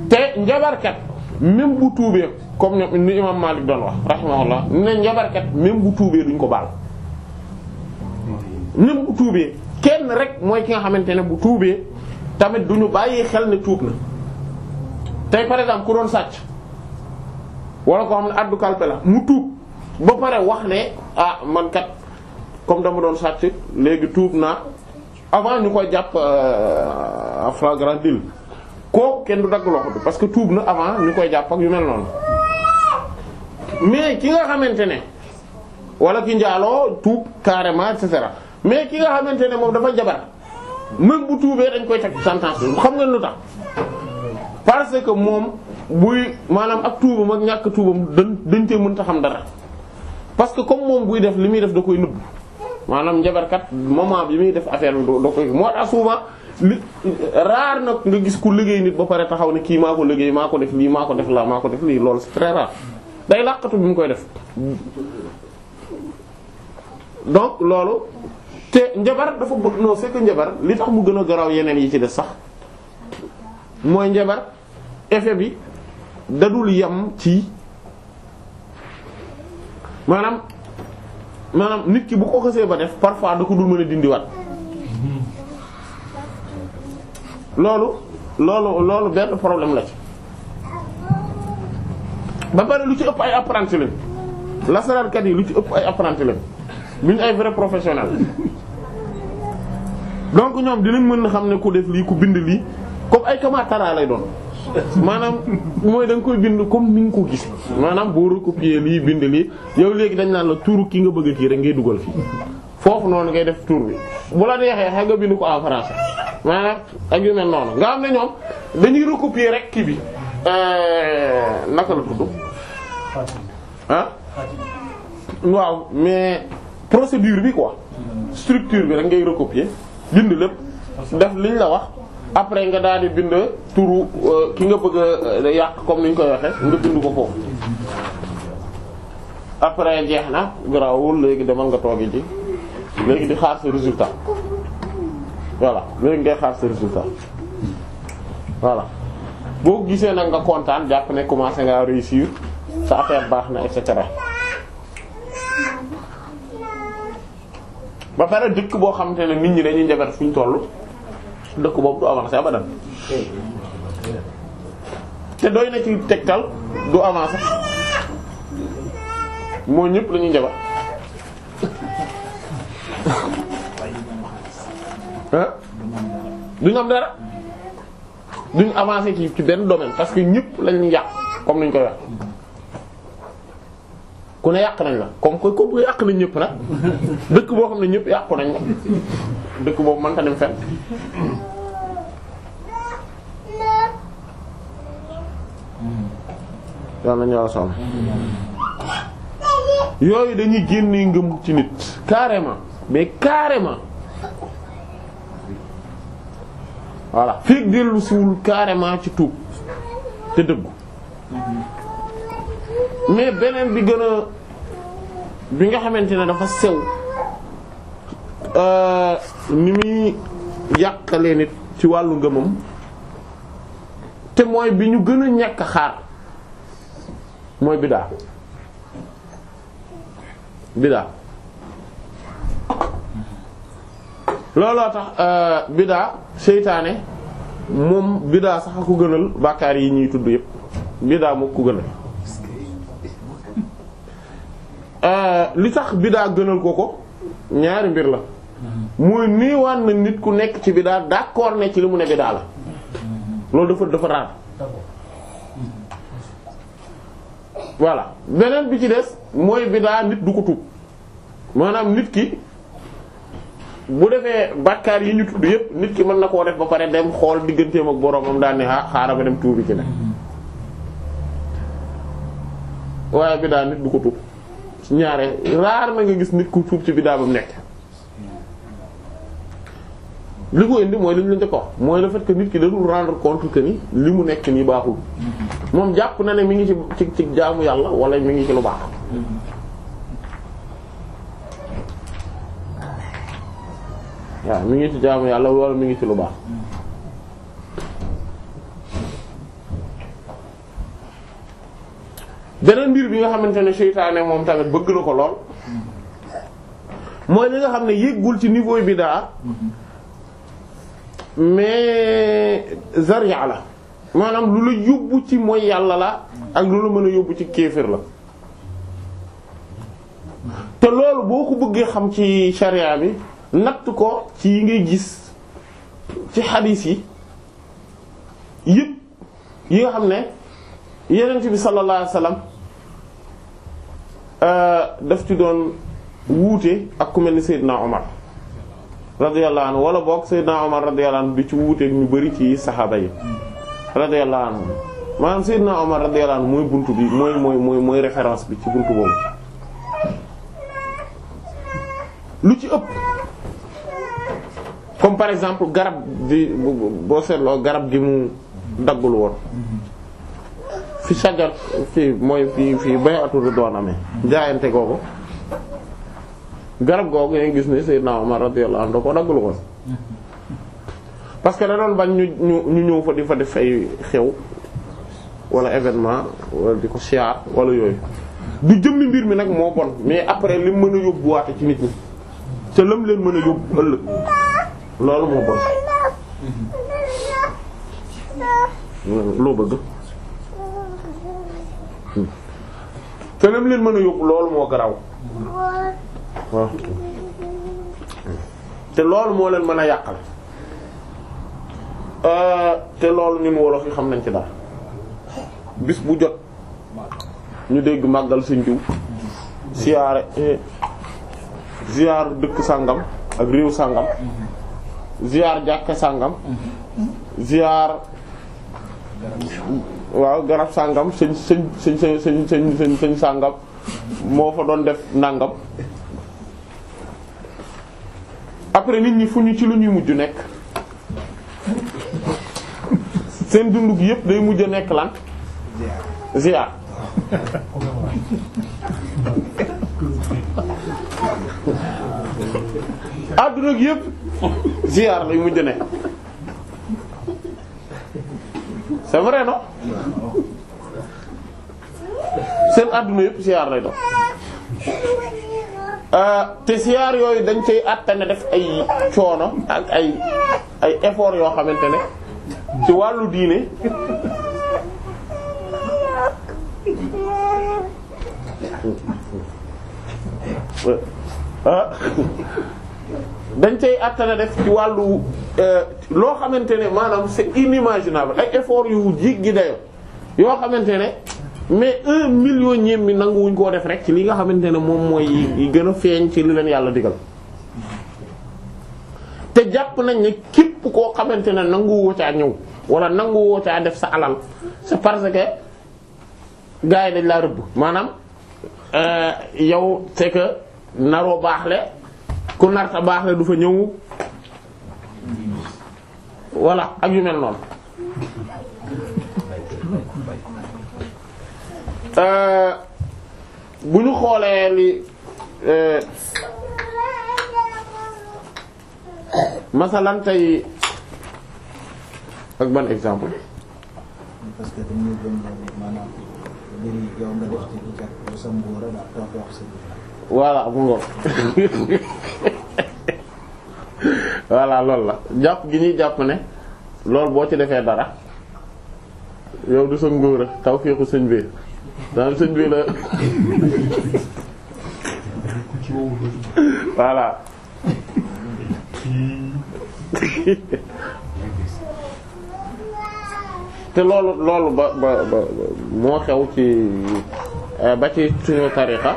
te njabarkat même bu tuubee comme ni imam Malik doon wax rahimahullah ne njabarkat même bu tuubee duñ ko baal. même bu tuubee kenn rek mooy ki nga xamante ne bu tuubee tamit duñu bàyyi xel ne tuub na tey par exemple ku doon sàcc wala ko xam ne addu kalpe la mu tuub ba pare wax ne ah man kat. comme dama doon sàcc léegi tuub naa avant ñu koy jàpp euh, à flagrant délit kooku kenn du dagg loxo bi parce que tuub na avant ñu koy jàpp ak yu mel noonu mais ki nga xamante ne wala ki njaaloo tuub carrément et cetera mais ki nga xamante ne moom dafa jabar même bu tuubee dañ koy teg sentence xam ngeen lu tax parce que moom buy maanaam ak tuubam ak ñàkk tuubam dañ dañ cee mënta xam dara parce que comme moom buy def li muy def da koy nëbb maanaam njabarkat moment bi muy def affaire bi doo koy moo tax souvent li rare nag nga gis ku liggéey nit ba pare taxaw ne kii maa ko liggéey maa ko def lii maa ko def laa maa ko def lii loolu c'est très day làqatu bi mu koy def donc loolu te njabar dafa bëgg non c'est njabar li tax mu gën a garaaw yeneen yi ci des sax mooy njabar effet bi dadul yem ci maanaam maanaam nit ki bu ko xësee ba def parfois da ko dul mën a dindiwaat loolu loolu loolu benn problème la ci ba pare lu ci ëpp ay apprentis la lasaraankat yi lu ci ëpp ay apprentis lañ lu ñu ay vrai professionnel donc ñoom dinañ mën a xam ne ku def lii ku bind lii comme ay kamaataraa lay doon. maanaam mooy da koy bind comme ni nga ko gis maanaam boo recopier lii bind lii yow léegi dañ naan la tuuru ki nga bëgg a kii rek ngay dugal fii foofu noonu ngay def tuur bi bu la neexee xam nga bind ko en français maanaam ak yu mel noonu nga xam ne ñoom dañuy recopier rek kii bi euh, naka la tudd ah waaw mais procédure bi quoi structure bi rek ngay recopier bind lépp def liñ la wax après nga daal di bind turu euh, ki nga bëgg a euh, yàq comme ni ñu koy waxe nga bind ko foofu après jeex na grawoo léegi demal nga toogi ji léegi di xaar sa résultat voilà léegi ngay xaar sa résultat voilà boo gisee nag nga kontaan jàpp ne commencé nga réussir sa affaire baax na et cetera ba pare dëkk boo xamante ne nit ñi dañuy njabar fu ñu tollu dëkk boobu du avancer abadan te doy na ci tegtal du avancer moo ñëpp lañuy ñuy njabar [LAUGHS] duñu am dara duñu avancer ci ci benn domaine parce que ñëpp lañu yàq comme ni ñu koy wax ku ne yàq nañ la comme que comme yàq nañ ñëpp nag [LAUGHS] dëkk boo xam ne ñëpp yàqu nañ la dëkk boobu mënta dem fenn yàlla ñoo sàmm yooyu dañuy génnee ngëm ci nit carrément mais carrément voilà fekk dellu siwul carrément ci tuub te dëggu mais beneen bi gën a bi nga xamante ne dafa sew euh, ni muy yàqalee nit ci wàllu ngëmam te mooy bi ñu gën a ñàkk xaar mooy biddaa biddaa looloo tax euh, biddaa seytaane moom biddaa sax a ko gënal bàkkaar yi ñuy tudd yépp biddaa moo ko gënal euh, li sax biddaa gënal ko ko ñaari mbir la mooy niiwaan na nit ku nekk ci biddaa d'accord ne ci li mu ne biddaa la loolu dafa dafa raar voilà beneen bi ci des mooy biddaa nit du ko tuub maanaam nit ki bu defee bàkkaar yi ñu tudd yépp nit ki mën na koo def ba pare dem xool digganteem ak boroomam daal ne ah xaaral ma dem tuubi ci ne waaye biddaa nit du ko tuub ñaare raar na nga gis nit ku tuub ci biddaa ba nekk. li ko indi mooy li ñu leen di ko mooy le fait que nit ki da dul rendre compte que ni li mu nekk nii baaxul moom jàpp na ne mi ngi ci ci ci jaamu yàlla wala mi ngi ci lu baax. mi ngi ci jaamu yàlla wala mi ngi ci lu baax. beneen mbir bi nga xamante ne seytaane moom tamit bëgg na ko lool mooy li nga xam ne yëggul ci niveau bi daa. mais zaria la maanaam lu la yóbbu ci mooy yàlla la ak lu la mën a yóbbu ci kéefër la te loolu boo ko bëggee xam ci sharia bi natt ko ci yi ngay gis ci xadiis yi yëpp yi nga xam ne yenent bi sallallahu alayhi wasallam euh, daf ci doon wuute ak ku mel ni Seydina Omar radiyallahu anhu wala boog Seydina Omar radiyallahu anhu bi ci wuuteeg ñu bari ci saxaaba yi radiyallahu anhu maanaam Seydina Omar radiyallahu anhu mooy buntu bi mooy mooy mooy mooy référence bi ci buntu boobu lu ci ëpp comme par exemple garab di boo seetloo garab gi mu daggul woon fi sagar fi mooy fi fi bay atur doon amee jaayante googu garab googu yaa ngi gis ne Seydina Omar radiyallahu anhu da ko daggul woon parce que da ba bañ ñu ñu ñu ñëw fa di fa def ay xew wala événement wala di ko siyaar wala yooyu du jëmmi mbir mi nag moo bon mais après lim mën a yóbbuwaate ci nit ñi te leen mën a yóbbu ëllëg loolu moo bon loo bëgg hmm. te leen mën a yóbbu loolu moo garaw te loolu moo leen mën a yàq yàqal euh, te loolu ñun wolof yi xam nañ ci daal bis bu jot ñu dégg màggal sëñ diw siyaare eh, dëkk sàngam ak réew sàngam ziar jàkka sàngam ziar waaw garab sàngam sëñ sëñ sëñ sëñ sëñ sëñ sàngam moo fa doon def nàngam après nit ñi fu ñu ci lu ñuy mujj nekk seen dund gi yëpp day mujj a nekk lan ziar adduna gi yëpp ziar lay mujj a nekk c'est seen adduna yëpp ziar lay doon Euh, te siyaar yooyu dañ koy àttane def ay coono ak ay ay effort yoo xamante ne ci wàllu diine [LAUGHS] ah. dañ cay àttana def ci wàllu euh, loo xamante ne maanaam c'est inimaginable ay effort yu jig gi yoo xamante ne mais un million ñeem bi nanguwuñ koo def rek ci li nga xamante ne moom mooy yi gën a feeñ ci li leen yàlla digal te jàpp nañ ne képp koo xamante ne nanguwoo caa ñëw wala nanguwoo caa def sa alal c'est parce que gars yi dañ laa rëbb maanaam euh, yow c'est que baax le ku narta baaxle du fa ñëw voilà ak yu mel noonu. Euh, bu ñu xoolee li euh, masalan tey ak ban exemple. parce que dañuy gën maanaam mbir yi la jàpp gi ñuy jàpp ne loolu boo ci defee dara yow du sa ngóor taw tawfeexu seen bi daal bi la voilà te loolu loolu ba ba ba moo xew ci euh, ba ci suñu tarixa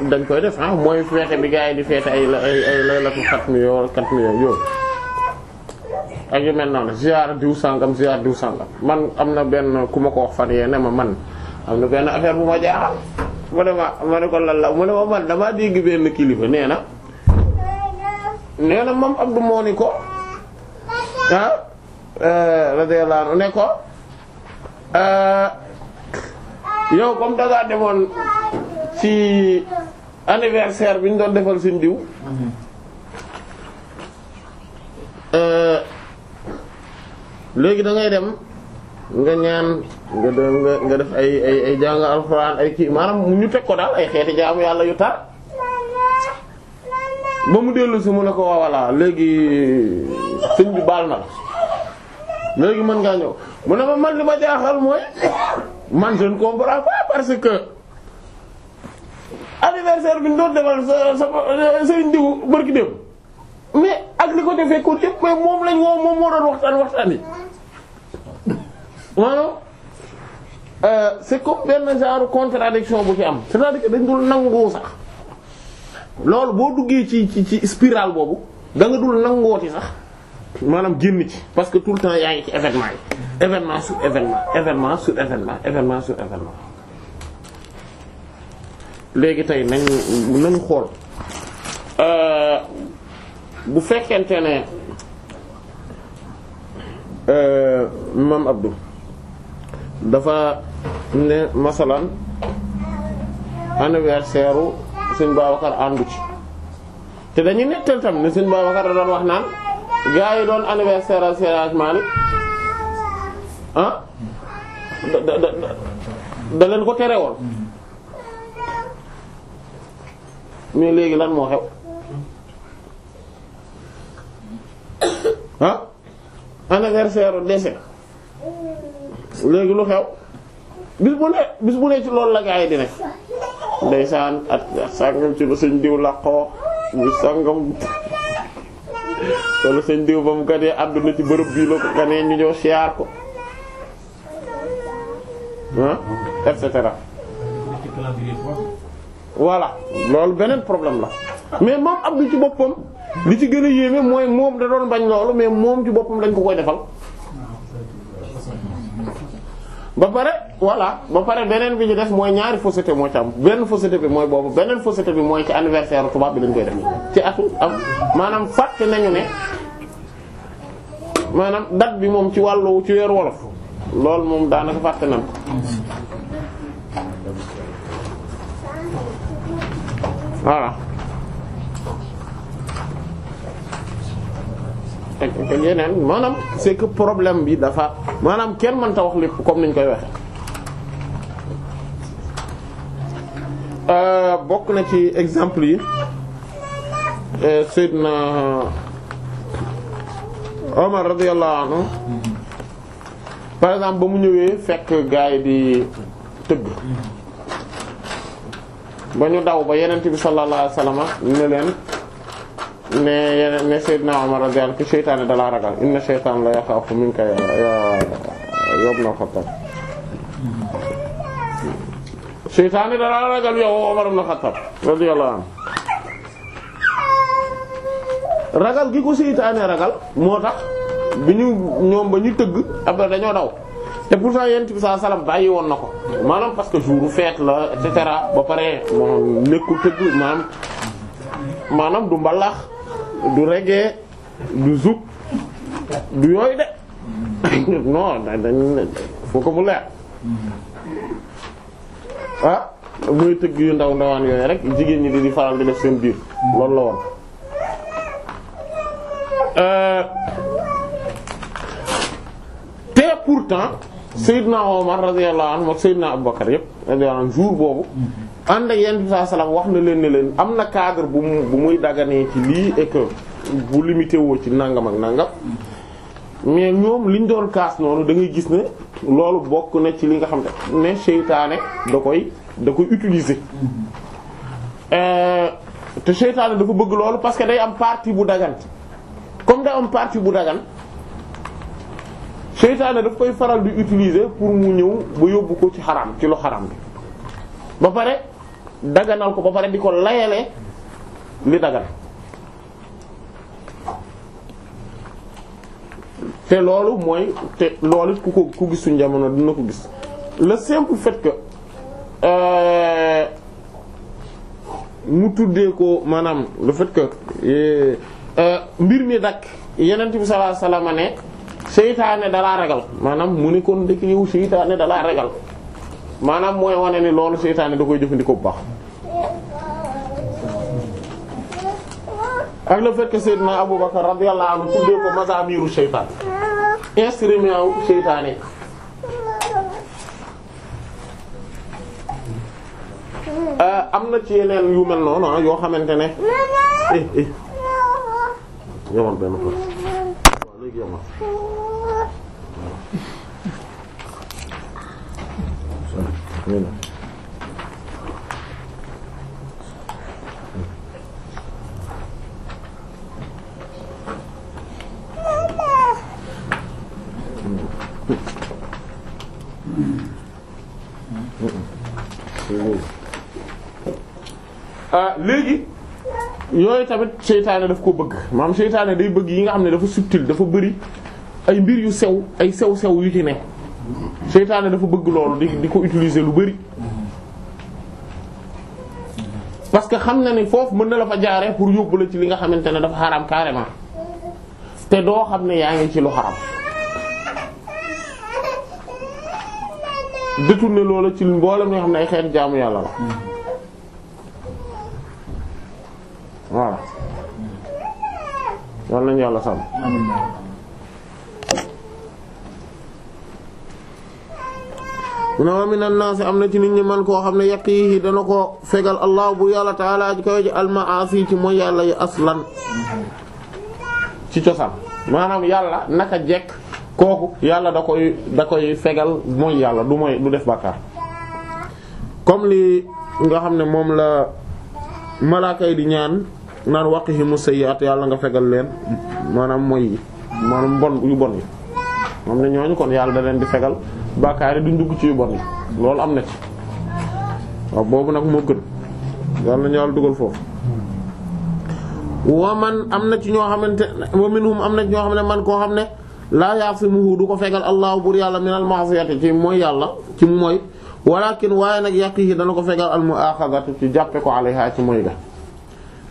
dañ koy def ah mooy feete bi gars yi di feete ay ay ay laylatul xat million quatre million yooyu ak yu mel noonu ziar diw sàngam ziar diw man am na benn ku ma ko wax fan yee ne ma man am na benn affaire bu ma jaaxal mu ne ma ma ne ko lan mu ne ma man damaa dégg benn kilifa nee na nee na moom Abdou moo ni ko ah eh, radiyallahu anhu ne ko eh, yow comme da ngaa demoon ci anniversaire bi ñu doon defal si diw. Eh, léegi da dem. nga ñaan nga def ay ay ay jàng alxuraan ay kii maanaam ñu teg ko daal ay xeeti jaamu yàlla yu tar ba mu dellu si mu ne ko voilà léegi sëñ bi baal na la léegi mën ngaa ñëw mu ne ma man li ma jaaxal mooy man je ne comprends pas parce que anniversaire bi ñu doon defal sa sa sëñ diwu barki dem mais ak li ko yëpp mais moom lañ woo moom moo doon waxtaan waxtaan maanaam euh, c'est comme benn genre contradiction bu ci am cest à dañ dul nangoo sax loolu boo duggee ci ci ci spirale boobu da nga dul nangooti sax maanaam génn ci parce que tout le temps yaa ngi ci événement yi événement sur événement événement sur événement événement léegi tey nañ nañu xool euh, bu fekkente ne euh, maam Abdou dafa ne masalan anniversaire u sëñ Babacar àndu ci te dañuy nettal tam ne sëñ Babacar doon wax naan gaa yi doon anniversaire al Seydi Malick ah da da da leen ko tere woon mais léegi lan moo xew ah anniversaire u léegi lu xew bis bu ne bis bu ne ci loolu la gaa yi di ne ndeysaan at sàngam ci la sëñ diw làqoo bu sàngam wala sëñ diw ba mu ganee àdduna ci bërëb bii la ko ganee ñu ñëw siyaar ko ah et cetera voilà loolu beneen problème la mais moom Abdou ci boppam li ci gën a yéeme mooy moom da doon bañ loolu mais moom ci boppam dañ ko koy defal ba pare voilà ba pare beneen bi ñu def mooy ñaari fausseté moo ci am benn fausseté bi mooy boobu beneen fausseté bi mooy ci anniversaire tubaab bi lañ koy def ci atu am maanaam fàtte nañu ne maanaam date bi moom ci wàllu ci weeru wolof loolu moom daanaka fàtte nañ ko yeneen maanaam c'est que problème bi dafa maanaam kenn mënta wax lépp comme ñu koy waxe euh, bokk na ci exemple yi euh, Seydina Omar radiyallahu anhu par exemple ba mu ñëwee fekk gaay di tëgg ba ñu daw ba yeneen bi sallallahu alayhi wasallam leen ne yeneen ne Seydina Omar radiyallahu seytaane dalaa ragal inna seytaan la yaxaafu minka yaa ibnal Xattaab seytaane dalaa ragal yow Omar ibnul Xattaab radiyallahu anhu ragal gi ko seytaane ragal moo tax bi ñu ñoom ba ñu tëgg après dañoo daw te pourtant yent bi saa salam bàyyi woon na ko maanaam parce que jour fête la et ba pare moo nekkul tëgg maanaam maanaam du mbalaax du reggae du zouk du yooyu de [LAUGHS] non foo ko mu leer ah mooy tëgg yu ndaw ndawaan yooyu rek jigéen ñi di di faral di def seen biir loolu la woon euh, te pourtant Seydina Omar radiyallahu anhu ak Seydina Abubakar yépp radiyallahu anhu jour boobu ànd ak yenn saa salaam wax na leen ne leen am na cadre bu mu bu muy daganee ci lii et que bu limité woo ci nangam ak nangam mais ñoom liñ doon kaas noonu da ngay gis ne loolu bokk na ci li nga xam ne seytaane da koy da koy utiliser. Euh, te seytaane dafa bëgg loolu parce que day am partie bu dagan comme day am partie bu dagan seytaane daf koy faral di utiliser pour mu ñëw ba yóbbu ko ci xaraam ci lu xaraam bi ba pare daganal ko ba pare di ko layale li dagan te loolu mooy te loolu ku ko ku gis suñu jamono dina ko gis le simple fait que euh, mu tuddee ko maanaam le fait que euh, euh, mbir mi dakk yeneen bi sallallahu alayhi wasallam ne seytaane dalaa ragal maanaam mu ne kon ndekk yow seytaane dalaa ragal maanaam mooy wane ni loolu seytaane da koy jëfandikoo bu baax ak le fait que Seydina Aboubacar radiyallahu anhu tuddee ko mazamiru seytaan instrument wu seytaane euh, am na ci yeneen yu mel noonu ah yoo xamante ne eh eh benn ko amiin ah, léegi yooyu tamit seytaane daf ko bëgg maam seytaane day bëgg yi nga xam ne dafa subtil dafa bari ay mbir yu sew ay sew sew yu ci nekk seytaane dafa bëgg loolu di di ko utiliser lu bari parce que xam na ni foofu mën na la fa jaaree pour yóbbu la ci li nga xamante ne dafa xaraam carrément te doo xam ne yaa ngi ci lu xaraam détourné loola ci mboolem ñoo xam ne ay xeet jaamu yàlla la voilà yàlla nañu yàlla sàmm mu ne wa mina naasi am na ci nit ñi man koo xam ne yaqiihi dana ko fegal allah bu yàlla taala ji koy ji almaasi ci mooy yàlla yi aslan ci cosaan maanaam yàlla naka jekk kooku yàlla da koy da koy fegal mooy yàlla du mooy du def bàkkaar comme li nga xam ne moom la malaaka yi di ñaan naan waqihimu sayyi'at yàlla nga fegal leen maanaam mooy maanaam bon yu bon yi moom ne ñooñu kon yàlla da leen di fegal bàkkaar yi duñ dugg ci yu bon loolu am na ci waaw boobu nag moo gën yàlla nañu dugal foofu wa man am na ci ñoo xamante wa minhum am na ci xam ne man koo xam ne laa yaasimuhu du ko fegal allahu bur yàlla minal ma'siyati ci mooy yàlla ci mooy walakin waaye nag yaqihi dana ko fegal al mu'akhadhatu ci jàppe ko alayha ci mooy ga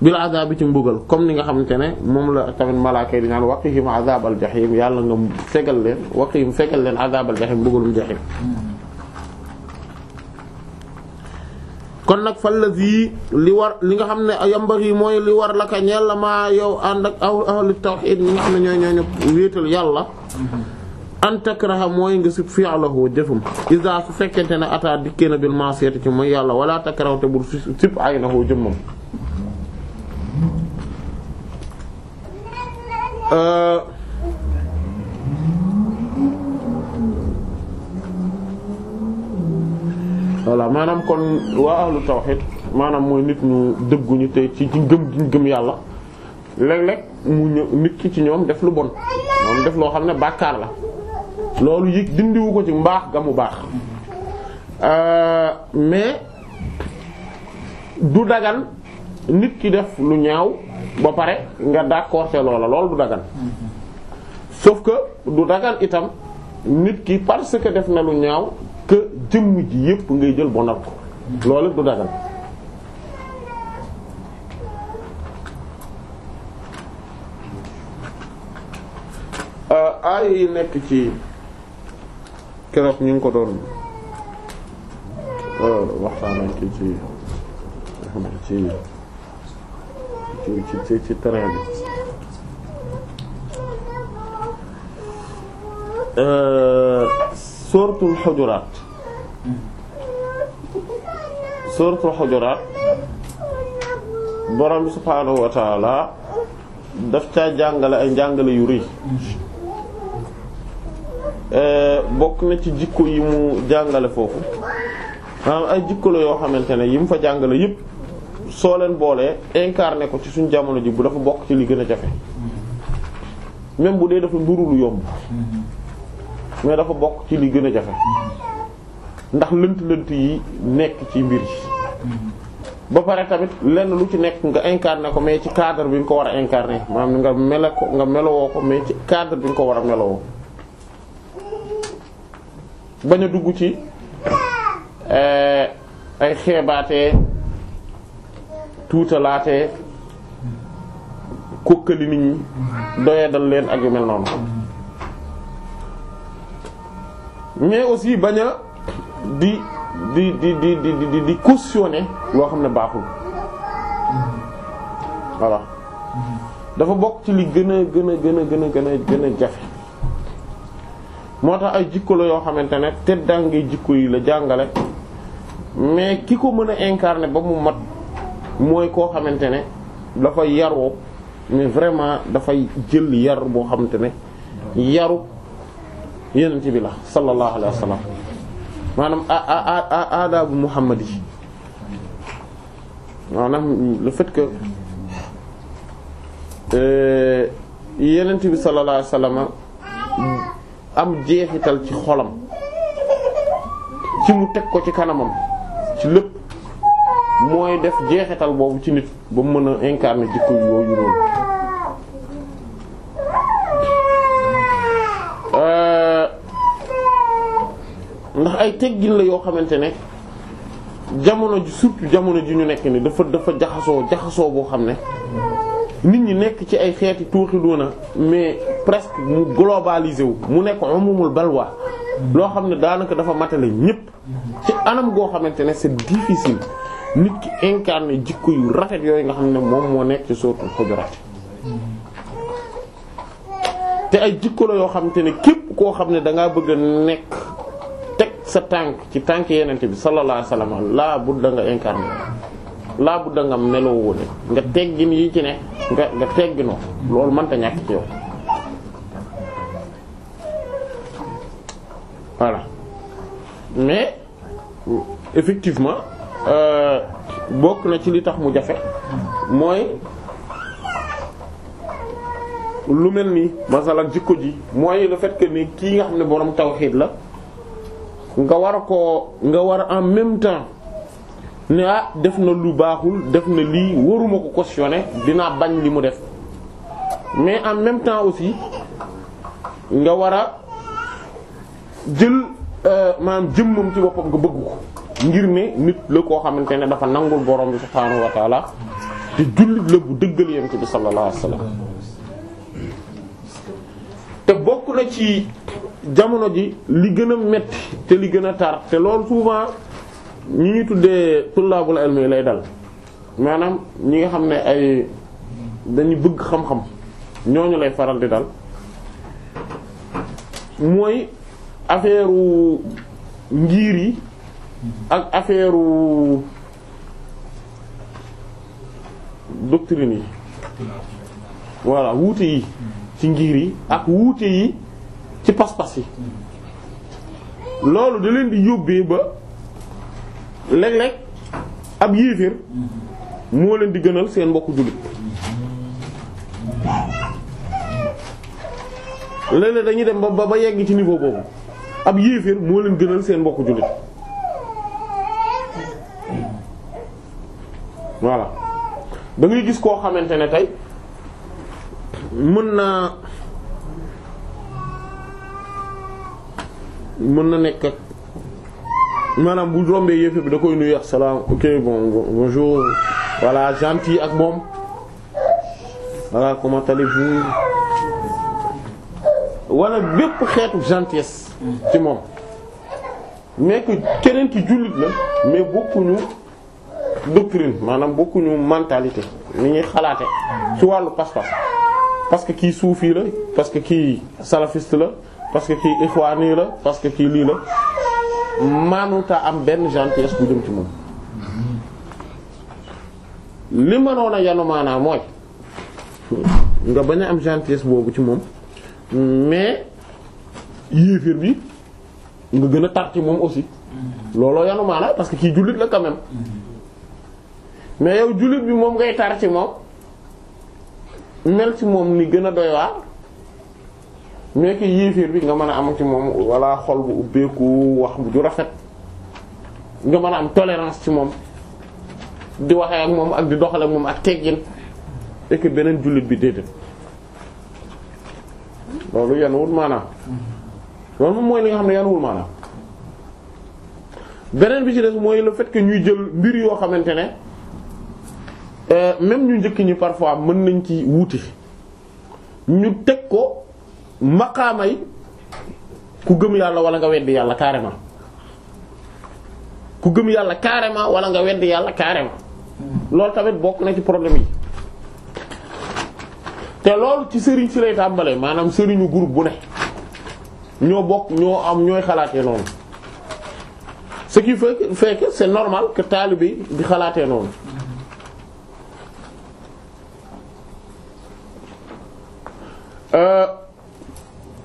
bil azaabi ci mbugal comme ni nga xamante ne moom la tamit malaaka yi di ñaan waqihim azaabal jaxiim yàlla nga fegal leen mu fegal leen azaabal jaxiim mbugalum jaxiim kon nag fa fallazi li war li nga xam ne yambar yi mooy li war la ka ñeel la maa yow ànd ak ahlu tawxiid ñi nga xam ne ñoo ñoo ñu wéetal yàlla an takraha mooy nga sib fi'lahu jëfum isa su fekkente ne ataa dikkee na bil ma'siyati ci mooy yàlla wala takrahu te bul sib Euh, voilà maanaam kon waa ahlu tawhid maanaam mooy nit ñu dëgguñu tey ci ci gëm yàlla léeg-léeg mu ñëw nit ki ci ñoom def lu bon moom def loo xam ne bàkkaar la loolu yëg dindiwu ko ci mbaax ga mu baax euh, mais du dagan nit ki def lu ñaaw ba pare nga d'accord ca loolu du dagan sauf que du dagal itam nit ki parce que def na lu ñaaw que jëmm ji yépp ngay jël bonal ko loolu du dagan aaya nekk ci keroog ñu ngi ko doon euh, waxtaan ci ci ci ci ci terrain bi suuratul xujuraat suuratul xujuraat borom bi subhaanahu wa daf caa jàngale ay njàngale yu rëy bokk na ci jikko yi mu jàngale foofu maanaam ay jikko la yoo xamante ne yi mu fa jàngale yépp soo leen boolee incarné ko ci suñ jamono ji bu dafa bokk ci li gën a jafe même bu dee dafa nduru lu yomb mais dafa bokk ci li gën a jafe ndax lënt-lënt yi nekk ci mbir yi ba pare tamit lenn lu ci nekk nga incarné ko mais ci cadre bi nga ko war a incarné maanaam nga mele ko nga melowoo ko mais ci cadre bi nga ko war a melowoo bañ a dugg ci eh, ay xeebaatee tuutalaatee kokkali nit ñi doyadal leen ak yu mel noonu mais aussi bañ a di di di di di di cautionner loo xam ne baaxul voilà dafa bokk ci li gën a gën a gën a gën a gën a gën a jafe moo tax ay jikko la yoo xamante ne te dangay jikko yi la jàngale mais ki ko mën a incarner ba mu mat mooy koo xamante ne dafa yaroo mais vraiment dafay jël yar boo xamante ne yaru yenent bi la sallallahu alayhi wa sallam maanaam a aadaabu muhammad yi maanaam le fait que euh, yenent bi sallallahu alayhi wa sallam am jeexital ci xolam ci mu teg ko ci kanamam ci lépp mooy def jeexital boobu ci nit ba mu mën a incarner jikko yooyu noonu euh, ndax ay teggin la yoo xamante ne jamono ji surtout jamono ji ñu nekk ni dafa dafa jaxasoo jaxasoo boo xam ne nit ñi nekk ci ay xeeti tuuxidoona mais presque mu globalisé wu mu nekk umumul balwa loo xam ne daanaka dafa matale ñépp ci anam goo xamante ne c'est difficile nit ki incarné jikko yu rafet yooyu nga xam ne moom moo nekk ci suratul Hujurat te ay jikko la yoo xam te ne képp koo xam ne da ngaa bëgg a nekk teg sa tànk ci tànk yenente bi sallallahu alayhi wasallam laa budda nga incarné laa budda nga meloo wone nga teggin yi ci ne nga nga tegginoo loolu mënta ñàkk ci yow voilà mais effectivement euh, bokk na ci li tax mu jafe mooy lu mel ni masalan jikko ji mooy la fait que ni kii nga xam ne borom tawxiid la nga war a koo nga war a en même temps ne ah def na lu baaxul def na lii waruma ko questionner dinaa bañ li mu def mais en même temps aussi nga war a jël euh, maanaam jëmmam ci boppam nga bëgg ko ngir ne nit la koo xamante ne dafa nangul borom bi subhaanahu wa taala te jullit la bu dëggal yonent bi sallallahu alayhi te bokk na ci jamono ji li gën a metti te li gën a tar te loolu souvent ñu ñu tuddee tullaabul ilmi lay dal maanaam ñi nga xam ne ay dañu bëgg xam-xam ñooñu lay faral di dal mooy affaire ngir yi ak affaire doctrine yi voilà wuute yi ci ngir yi ak wuute yi ci pas-pas yi loolu da leen di yóbbee ba léeg-léeg ab yéeféer moo leen di gënal seen mbokku jullit léeg-léeg dañuy dem ba ba yegg ci niveau boobu ab yéeféer moo leen gënal seen mbokku jullit voilà da gis koo xamante ne tey mën naa mën na nekk maanaam bu rombee yëfe bi da koy nuyu asalaam ok bon bonjour voilà gentil ak moom voilà comment allez-vous wala bépp xeetu gentillesse ci moom mais keneen ki jullit la mais bokkuñu doctrine maanaam bokkuñu mentalité ni ñuy xalaate ci wàllu pas-pas parce que kii suufi la parce que kii salafiste la parce que kii la parce que kii lii la manuta am benn gentillesse bu dem ci moom li mënoon a yanu mooy nga bañ a am gentillesse boobu ci moom mais yéefir bi nga gën a tar ci moom aussi looloo yanu maanaam parce que kii jullit la quand mais yow jullit bi moom ngay taar ci moom mel ci moom ni gën a doy waa mais que yéeféer bi nga mën a am ci moom walla xol bu ubbeeku wax bu ju rafet nga mën a am tolérance ci moom di waxee ak moom ak di doxale ak moom ak teggin et beneen jullit bi déedéet loolu yan wul maanaam loolu moom mooy li nga xam ne yan wul maanaam beneen bi ci des mooy le fait que ñuy jël mbir yoo xamante ne. Euh, même ñu njëkk ñi parfois mën nañ ci wuute ñu teg ko makaamay ku gëm yàlla wala nga weddi yàlla carrément ku gëm yàlla carrément wala nga weddi yàlla carrément hmm. loolu tamit bokk na ci problème yi te loolu ci sëriñ si lay tàmbalee maanaam sëriñu groupe bu ne ñoo bokk ñoo am ñooy xalaatee noonu ce qui fait que c'est normal que taalibe bi di xalaatee noonu. Euh,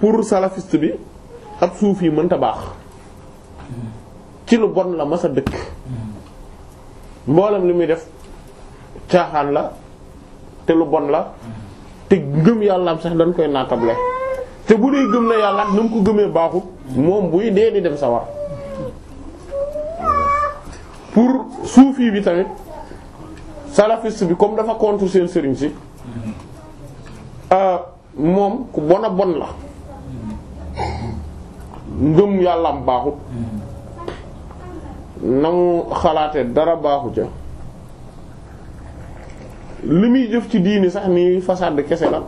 pour salafiste bi ab suuf yi mënta baax ci lu bon la masa dëkk mboolam li muy def caaxaan la te lu bon la te gëm yàllaam sax dañ koy naatable te bu dee gëm na yàlla na mu ko gëmee baaxut moom buy dee di dem sa war pour suufi bi tamit salafiste bi comme dafa contre seen sëriñ si. Euh, moom ku bon a bon la ngëm yàllaam baaxut na mu xalaate dara baaxu ca li muy jëf ci diini sax ni façade kese la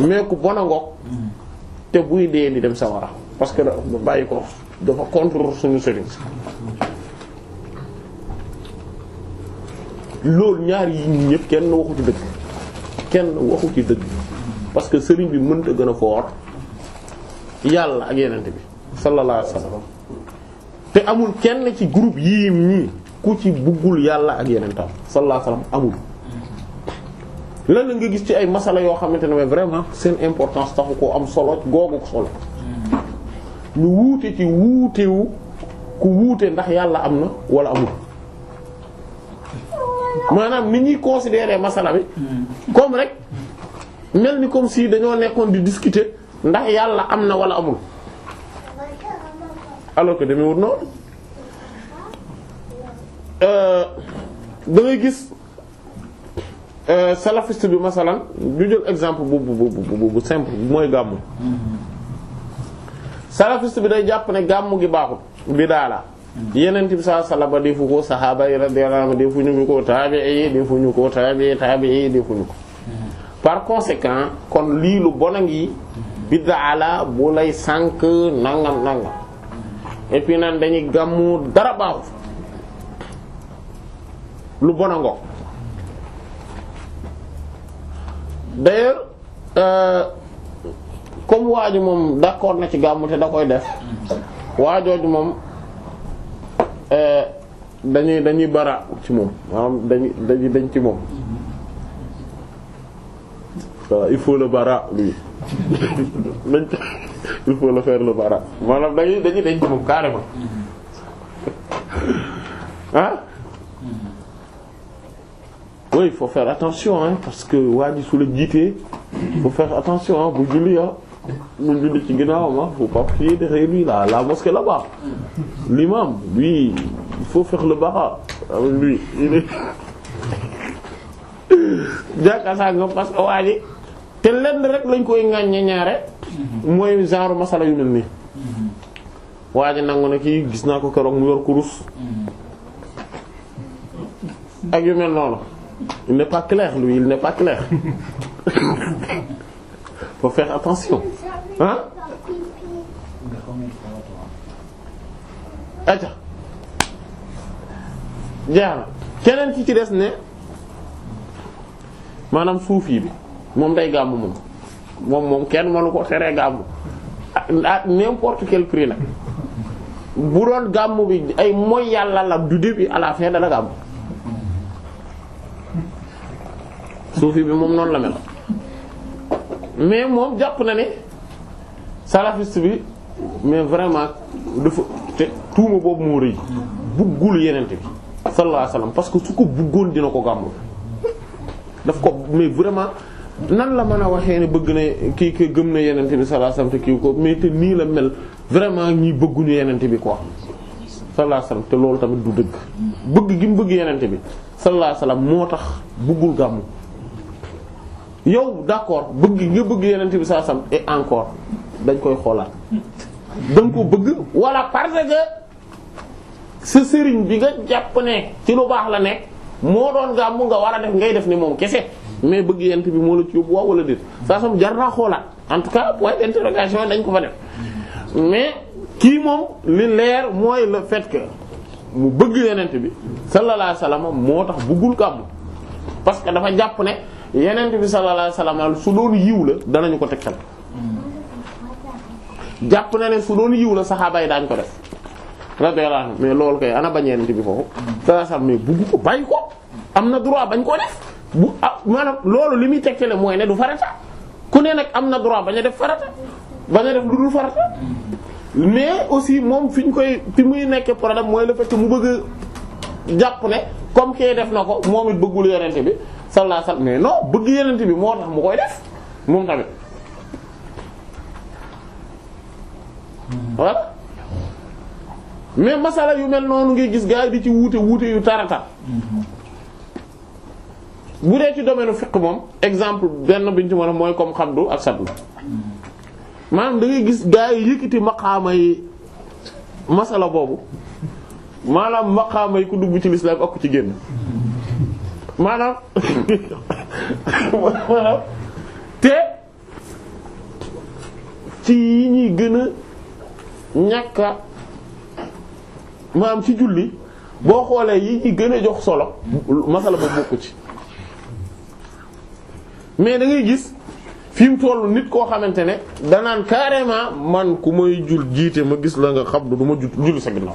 mais ku bon a ngoog te buy dee di dem sawara parce que bàyyi ko dafa contre suñu sëriñ loolu ñaar yi ñëpp kenn waxu ci kenn waxu ci dëgg parce que sëriñ bi mënta gën a foor yàlla ak yeneen bi sallallahu alayhi wasallam te amul kenn ci groupe yii ñii ku ci buggul yàlla ak yeneen tam sallallahu alayhi wasallam amul lan nga gis ci ay masala yoo xamante ne mais vraiment seen importance taxu ko am solo googu solo ñu wuute ci wuutewu ku wuute ndax yàlla am na wala amul maanaam ni ñuy considérer masala bi comme rek mel ni comme si dañoo nekkoon di discuter ndax yàlla am na wala amul alors que demee wut noonu euh, da ngay gis euh, salafiste bi masalan du jël exemple bu bu bu bu simple mooy gàmmu mm-hmm. salafiste bi day jàpp ne gàmmu gi baaxul bi daala yeneen bi saa salaba defu ko saxaaba yi radiyallahu anhum defuñu ko taabi'i yi defuñu ko taabi'i taabi'i defuñu ko mm-hmm. par conséquent kon lii lu bon a ngi mm-hmm. biddaa la bu lay sànk nangam nangam et puis naan dañuy gàmmu dara baaxu lu bon a ngoog d'ailleurs euh, comme waa moom d'accord na ci gàmmu te da koy def mm-hmm. waa moom Euh, dañuy dañuy bara ci moom maanaam dañuy dañuy dañ ci moom il faut le bara lui [LAUGHS] dañ il faut le faire le bara maanaam dañuy dañuy dañ ci moom carrément [LAUGHS] ah. oui il faut faire attention parce que waa ji su la jiitee il faut attention ah bu julli ah. mu julli ci ginnaawam ah faut pas prier derrière lui là la mosquée là-bas l'imam lui il faut faire le bara avec ah, lui [LAUGHS] jàkka sàngam parce que waa ji te lenn rek lañ koy ŋàññe ñaare mooy genre masala yu mel nii waa nangu na kii gis naa ko keroog mu yor kurus ak yu mel noonu il pas clair lui il pas clair [LAUGHS] foo faire attention ah aca keneen ki ci des ne maanaam suufi bi moom day gàmm moom moom moom kenn mënu ko teree gàmm à ah, ah, n'importe quel prix nag bu doon gàmm bi ay mooy yàlla la du début à la fin dana suufi bi moom noonu la mel mais moom jàpp na ne salafiste bi mais vraiment dafa te tuuma boobu moo rëy buggul yenente bi sallallahu alayhi wasallam parce que su ko buggoon dina ko gàmmul daf ko mais vraiment nan la man a waxee ne bëgg na kii ki gëm na yenente bi sallallahu alayhi wasallam te kii ko mais te nii la mel vraiment ñi bëgguñu yenente bi ko sallallahu alayhi wasallam te loolu tamit du dëgg bëgg gi mu bëgg yenent bi sallallahu alayhi wasallam moo tax buggul gàmmu yow d'accord bëgg nga bëgg yenente bi saa sam et encore dañ koy xoolaat danga ko bëgg wala parce que sa sëriñ bi nga jàpp ne ci lu baax la nekk moo doon nga mu nga war a def ngay def ni moom kese mais bëgg yent bi moo la ci wala déet saa jar naa xoolaat en tout cas point d'interrogation dañ ko fa def mais kii moom li leer mooy le fait que mu bëgg yenent bi sallallahu alayhi wasallam moo tax bëggul gàmmu parce que dafa jàpp ne yeneen bi sallallahu alayhi wasallam su doon yiw la danañu ko teg tegtal jàpp na ne su doon yiw la saxaaba yi daañu ko def radiyallahu anhu mais loolu kay ana bañ yeneen bi foofu sallallahu alayhi mais bugg ko bàyyi ko am na droit bañ koo def bu ah loolu li muy teg tegtale mooy ne du farata ku ne nag am na droit bañ a def farata bañ a def lu dul farata mais aussi moom fi ñu koy fi muy nekk problème mooy la fait mu bëgg jàpp ne comme kee def na ko moom it bëggul yenente bi sallallahu alayhi wasallam mais non bëgg yenente bi moo tax mu koy def moom tamit voilà mais masala yu mel noonu ngay gis gars yi di ci wuute wuute yu tarata bu dee ci domaine fiqh moom exemple benn biñ ci mën a mooy comme xamdu ak saddu maanaam da ngay gis gars yi yëkkati maqaama yi masala boobu maanaam maqaama yi ku dugg ci lislaam ak ci génn maanaam maanaam te ci yi ñuy gën a ñàkka maanaam ci julli boo xoolee yi ñuy gën a jox solo masala ba bokku ci mais dangay gis fi mu toll nit koo xamante ne danaan carrément man ku may jul jiite ma gis la nga xam du ma julli sa ginnaaw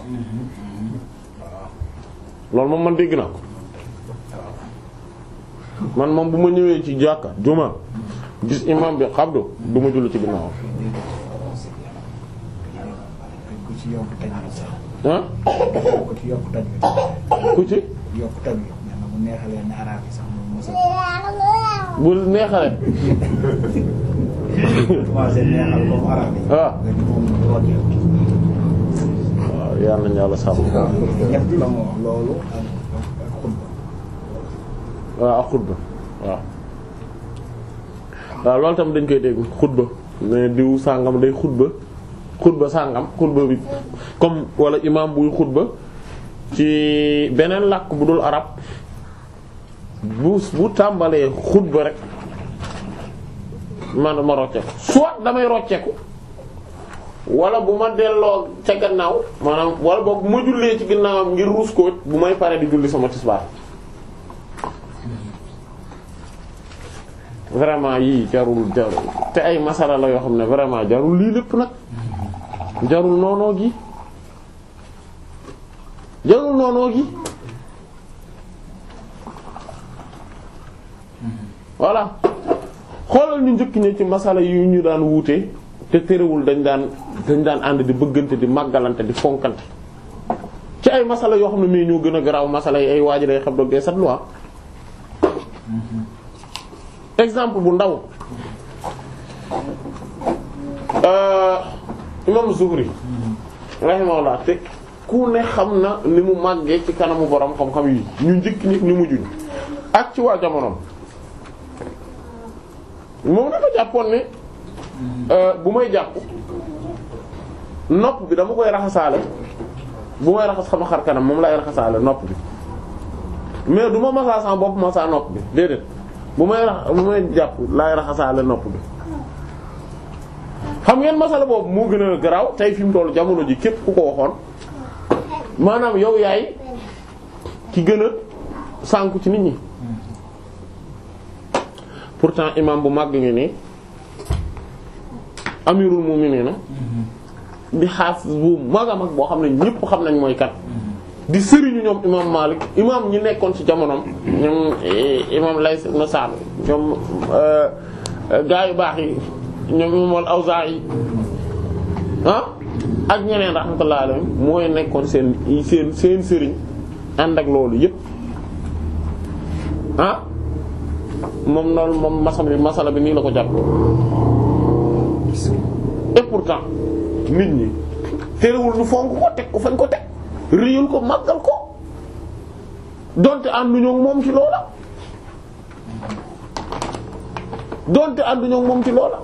loolu moom man dégg naa ko man moom bu ma ñëwee ci jàkka juma gis imam bi xabdu du ma julli ci ginnaaw ah ku ci bu neexale waaw [LAUGHS] ah. ah. yàlla nañu yàlla sàmm. waaw ak xutba waaw. waaw loolu tam dañ koy dégg xutba ne diw sàngam day xutba xutba sàngam xutba bi comme wala imaam buy xutba ci beneen làkk bu dul arab bu bu tàmbalee xutba rek man ma rocceeku soit damay rocceeku. wala bu ma delloo ca gannaaw maanaam wala boog bu ma jullee ci gannaawam ngir ruus ko bu may pare di julli sama tisbaar vraiment yii jarul jarul te ay masala la yoo xam ne vraiment jarul lii lépp nag jarul noonoo gi jarul noonoo gi xoolal ñu njëkk ñi ci masala yu ñu daan wuute te terewul dañ daan dañ daan ànd di bëggante di màggalante di fonkante ci ay masala yoo xam ne mii ñoo gën a garaaw masala yi ay waaji lay xam doog dee satlu exemple bu ndaw euh, imam Zuhri rahimahullah te ku ne xam na ni mu màggee ci kanamu borom xam-xam yi ñu njëkk ñi ñu mujj ak ci waa jamonoom moom dafa jàppoon ne Euh, bu may jàpp nopp bi dama koy raxasaale bu may raxas sama xar kanam moom laay raxasaale nopp bi mais du ma masaa sama bopp masaa nopp bi déedéet bu may rax bu may jàpp laay raxasaale nopp bi xam ngeen masala boobu moo gën a garaaw tey fi mu toll jamono ji képp ku ko waxoon maanaam yow yaay ki gën a sànku ci nit ñi pourtant imam bu màgg ngi nii amirul mu'minin di xaafis bu mag a mag boo xam ne ñépp xam nañ mooy kat di sëriñu ñoom imam Malik imam ñi nekkoon ci jamono moom eh, imam Lays ibn eh, yu baax yi ñoom imam al ah ak ñeneen rahmatullahi alayhim mooy nekkoon seen seen seen sëriñ ànd ak loolu yépp ah moom loolu moom masala bi masala bi nii la ko jàpp gis et pourtant nit ñi terewul ñu fonk ko teg ko fañ ko teg réyul ko màggal ko donte ànduñoo moom ci loola donte ànduñoo moom ci loola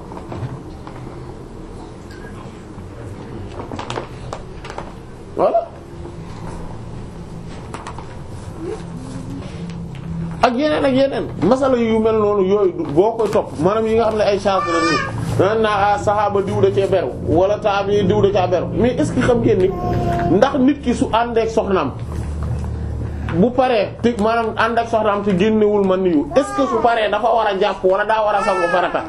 voilà ak yeneen ak yeneen masala yu mel noonu yooyu boo koy topp maanaam yi nga xam ne ay chance la nii danañ naa ah, diw cee beru wala taabi diw da caa beru mais est ce que xam ngeen ni ndax nit ki su ànd ak soxnaam bu paree te maanaam ànd ak soxnaam te génnewul man ni yu est su paree dafa war a jàpp wala daa war a sangu farata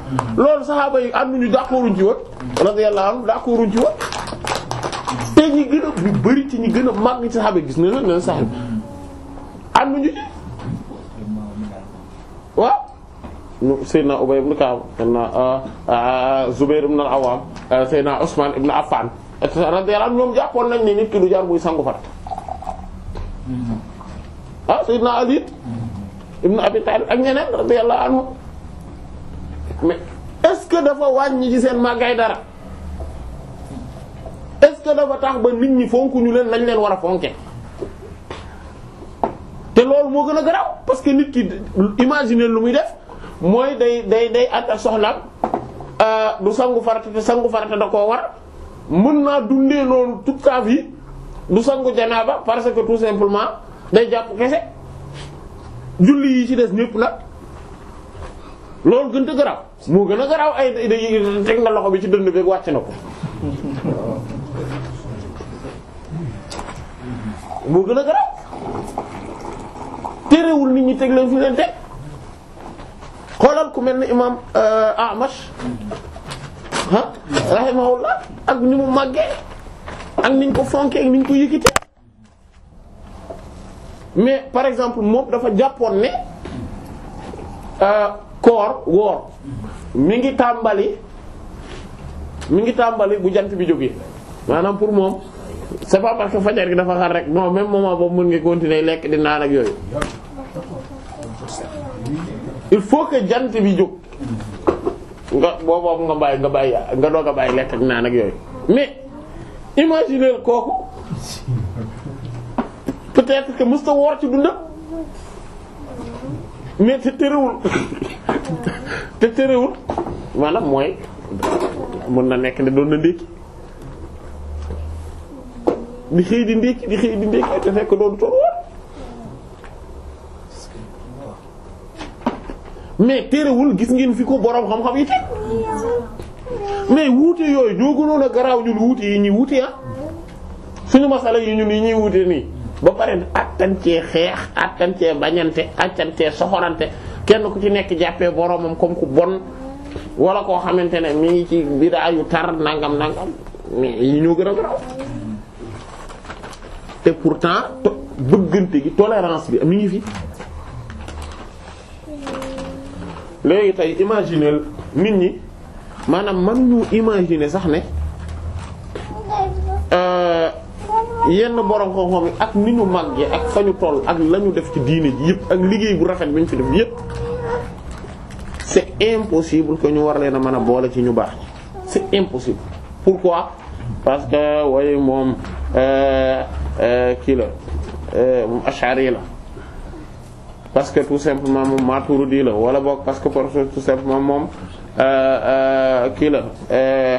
loolu saxaaba yi ànduñu d'accorduñ ci woon radiyallahu anhu d'accorduñ ci woon te ñi gën a ñu bëri ci ñi gën a màgg ci saxaaba gis na leen sax ànduñu waaw Seydina Ubay ibn Ka'b Seydina ah, ah, Zubayr ibn al-Awwam ah, Seydina Usman ibn Affan et cetera radiyallahu anhum nañ ne nit ki du jar muy sangu farat mm-hmm. ah Seydina Ali ibn Abi Talib ak ñeneen radiyallahu anhum mais est-ce que dafa wàññi ci seen màggaay dara est-ce que dafa tax ba nit ñi fonkuñu leen lañ leen war a fonke loolu moo gën a garaaw parce que nit ki imaginer lu muy def mooy day day day àggal soxlaam euh, du sangu farata sangu farata da koo war mën naa dundee noonu toute sa vie du sangu janaaba parce que tout simplement day jàpp kese julli yi ci des ñëpp nag loolu gën a garaaw moo gën a garaaw ay day teg na loxo bi ci dënd bi wàcc na ko moo gën a garaaw terewul nit ñi teg leen fi leen teg xoolal ku mel ni imaam euh, Amash ah rahimahullah ak ni mu màggee ak niñ ko fonkee ak niñ ko yëkkite mais par exemple moom dafa jàppoon ne euh, koor woor mi ngi tàmbali mu ngi tàmbali bu jant bi jógee maanaam pour moom. c'est pas parce que fajar gi dafa xar rek non même moment boobu mën nga continuer lekk di naan yooyu il faut que jant bi jóg nga booboo nga bàyyi nga bàyyi nga doog a bàyyi lekk ak naan yooyu mais imaginez kooku peut-être que mësta woor ci dundam mais te terewul te terewul maanaam mooy mën na nekk ne doon na ndékki di xëy di ndékki di xëy di ndékki te fekk doon toog mais terewul gis ngeen fi ko boroom xam-xam yi teg mais wuute yooyu ñoo gënoon a garaaw ñun wuute yi ñuy wuute fu ah. ñu masala yi ñun yi ñuy wuute nii ba pare attan xeex attan cee bañante attan soxorante kenn ku ci nekk jàppee boroomam kom ku bon wala koo xamante ne mi ngi ci bidaayu tar nangam nangam mais yi ñoo gën a garaaw. te pourtant bëggante gi tolérance bi mi ngi fi léegi tey imaginer nit ñi maanaam man ñu imaginer sax ne euh, yenn borom xam-xam yi ak ni ñu màggee ak fa ñu toll ak la ñu def ci diine ji yëpp ak liggéey bu rafet bi ñu fi dem yëpp c'est impossible que ñu war leen a mën a boole ci ñu baax c'est impossible pourquoi parce que way moom euh, Euh, kii la euh, moom ashari la parce que tout simplement moom maturidi la wala boo parce que parce que tout simplement moom euh, kii la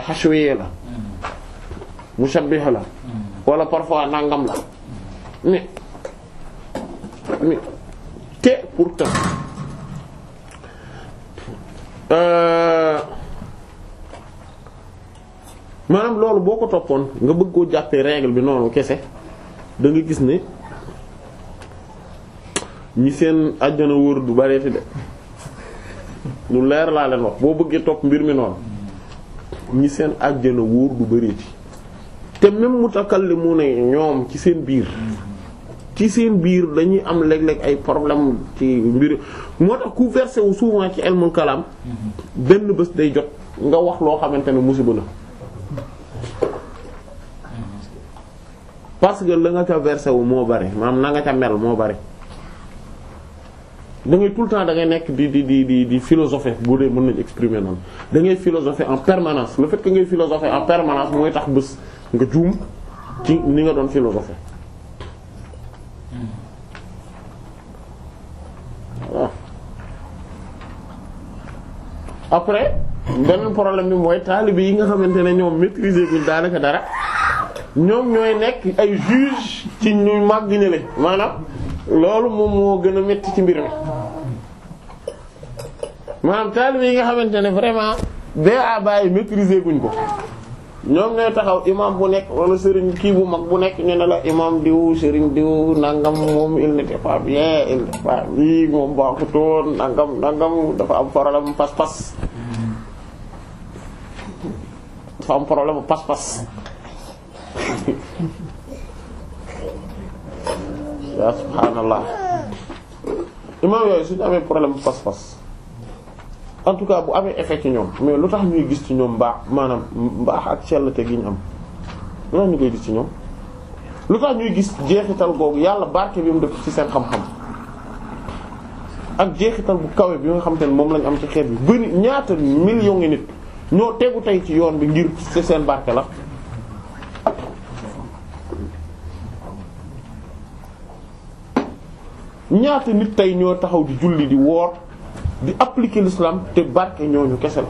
hashwiye la mushabbiha la wala parfois nangam la mais mais te pourtant maanaam loolu boo ko toppoon nga bëgg koo jàppee règle bi noonu kese danga gis ne ñi seen àjjana wóor du bareeti de lu leer laa leen wax boo bëggee topp mbir mi noonu ñi seen àjjana wóor du bareeti te même mutakallimuna ñoom ci seen biir ci seen biir dañuy am léeg-léeg ay problème ci mbir moo tax ku versé wu souvent ci ilmul kalam benn bés day jot nga wax loo xamante ne musiba la parce que la nga ca versé wu moo bari maanaam na nga ca mel moo bari da ngay tout temps da nekk di di di di di philosopher bu dee mën nañu exprimer noonu da ngay philosopher en permanence le fait que ngay philosopher en permanence mooy tax bés nga juum ci ni doon philosopher waaw après benn problème bi mooy yi nga xamante ne ñoom maîtriser guñ daanaka dara. ñoom ñooy nekk ay juge ci ñu màgg ñële maanaam loolu moom moo gën a metti ci mbir mi maanaam taalibe yi nga xamante ne vraiment ba bàyyi maîtriser guñ ko ñoom ñooy taxaw imam bu nekk wala sëriñ kii bu mag bu nekk ñu ne la imam diw sëriñ diw nangam moom il n'était pas bien il n'était pas lii moom baaxutoon nangam nangam dafa am problème pas-pas dafa am problème pas-pas yaa subhaanallah imaam yooyu suñu amee problème bu pas-pas en tout cas bu amee effet ci ñoom mais lu tax ñuy gis ci ñoom mbaax maanaam mbaax ak sellate gi am lu tax ñu koy gis ci ñoom lu tax ñuy gis jeexital googu yàlla barke bi mu def ci seen xam-xam ak jeexital bu kawe bi nga xam te ne moom lañ am ci xeet bi bari ñaata million ngi nit ñoo tegu tey ci yoon bi ngir seen barke la ñaata nit tey ñoo taxaw di julli di woor di appliquer l'islam te barke ñooñu kese la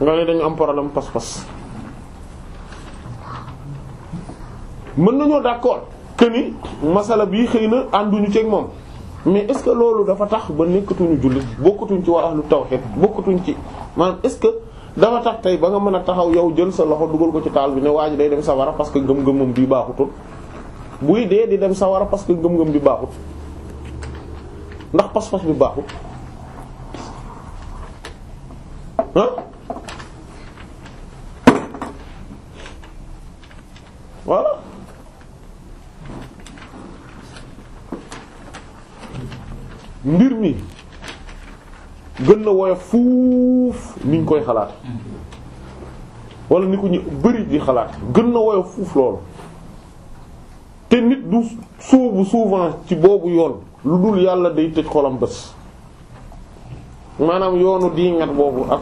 nga ne dañu am problème pas-pas mën nañoo d'accord que ni masala bii xëy na ànduñu ceeg moom mais est-ce que loolu dafa tax ba nekkatuñu jullit bokkatuñ ci waa ahlu tawhid bokkatuñ ci maanaam est dama tax tey ba nga mën a taxaw yow jël sa loxo dugal ko ci taal bi ne waa ji day dem sawara parce que ngëm-ngëmam bi baaxutul buy dee di dem sawara parce que ngëm-ngëm bi baaxut ndax pas-pas bi baaxut ah mbir mi gën na woyof fuuf niñ koy xalaat wala ni ko ñu bari di xalaat gën na woyof fuuf loolu te nit du sóobu souvent ci boobu yoon lu dul yàlla day tëj xolam bés maanaam yoonu di ngat boobu ak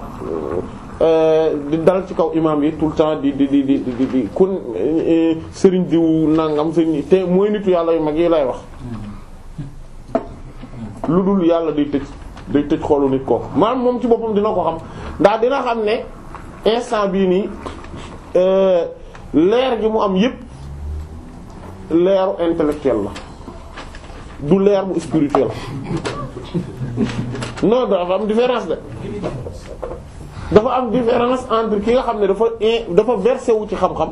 euh, di dal ci kaw imaam yi tout le temps di di di di di di ku euh, sëriñ diw nangam sëriñ te mooy nitu yàlla yu mag yi lay wax lu dul yàlla day tëj day tëj xolu nit kooku maanaam moom ci boppam dina ko xam ndax dina xam ne instant bii nii euh, leer gi mu am yépp leeru intellectuel la du leer bu spirituel [LAUGHS] non dafa am différence de dafa am différence entre ki nga xam ne dafa dafa versé wu ci xam-xam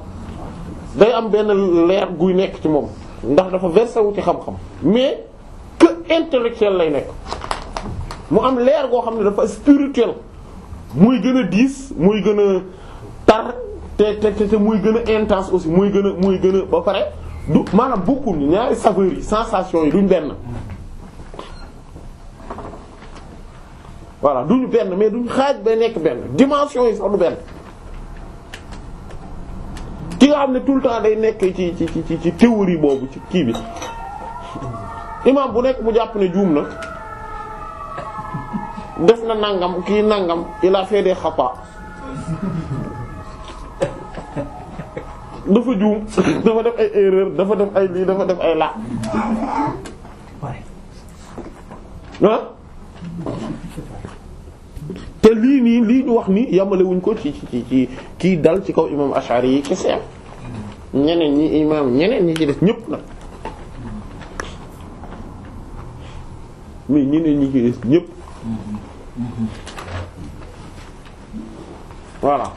day am benn leer guy nekk ci moom ndax dafa versewu ci xam-xam mais que intellectuel lay nekk mu am leer goo xam ne dafa spirituel muy gën a diis muy gën a tar te te te muy gën a intense aussi muy gën a muy gën a ba pare du maanaam bokkul ni saveurs yi sensation yi duñ benn. voilà duñu benn mais duñ xaaj ba nekk benn dimension yi sax du benn ki nga xam ne tout le temps day nekk ci ci ci ci boobu ci kii bi imam bu nekk mu jàpp ne juum na. def na nangam kii nangam il a fait des xapa dafa juum dafa def ay erreur dafa def ay lii dafa def ay la te lii nii lii ñu wax ni yamalewuñ ko ci ci ci kii dal ci kaw imam Ash'ari yi kese am ñeneen ñi imam ñeneen ñi ci des ñëpp nag mais ñeneen ñi ci des ñëpp voilà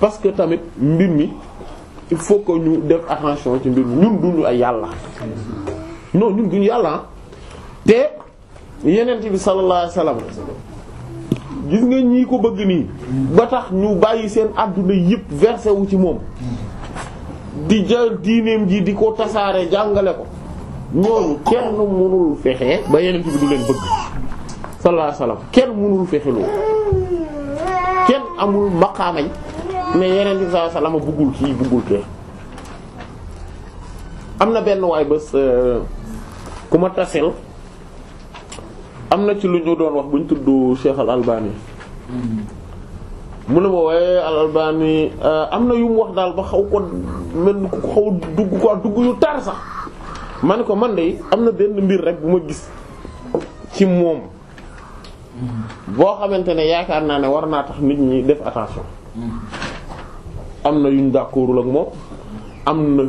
parce que tamit mbir mi il faut que ñu def attention ci mbir mi ñun duñu ay yàlla non ñun duñu yàlla ah. te yeneen bi sallallahu alayhi wasallam gis nga ñi ko bëgg nii ba tax ñu bàyyi seen àdduna yépp versé wu ci moom di jël diineem ji di ko tasaare jàngale ko ñooñu kenn mënul fexe ba yeneen bi du leen bëgg sallallahu alayhi wasallam kenn mënul fexe kenn amul maqaamay mais yeneen bi sallallahu alayhi wasallam buggul kii buggul kee am na benn waay bés euh, ku ma tasel am na ci lu ñu doon wax bu ñu tudd Cheikh Al Albani mu ne ma waaye Al euh, am na yu wax daal ba xaw ko mel ko xaw dugg ko dugg yu tar sax ma ne ko man de am na benn mbir rek bu ma gis ci moom boo xamante ne yaakaar naa ne war naa tax nit ñi def attention am na yuñ d'accordul ak moom am na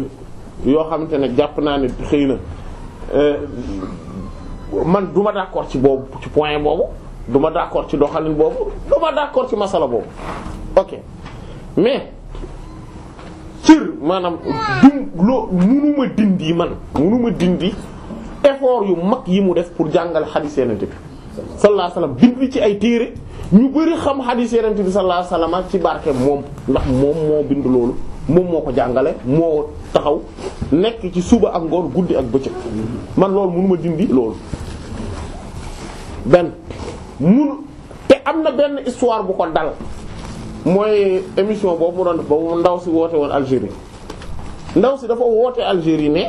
yoo xamante ne jàpp naa ne xëy na euh, man du ma d'accord ci boobu ci point boobu du ma d'accord ci doxalin boobu du ma d'accord ci masala boobu ok mais cër maanaam dum loo munuma dindi man munuma dindi effort yu mag yi mu def pour jàngale xadiis Yonent bi sallallahu alayhi wasallam bind ci ay téere ñu bari xam xadiis yonent bi sallallahu alayhi wasallam ci barke moom ndax moom moo bind loolu moom moo ko jàngale moo taxaw nekk ci suba ak ngoon guddi ak bëccëg man loolu mënuma dindi loolu benn mun te am na benn histoire bu ko dal mooy émission boobu mu doon boobu ndaw si woote woon Algérie ndaw si dafa woote Algérie ne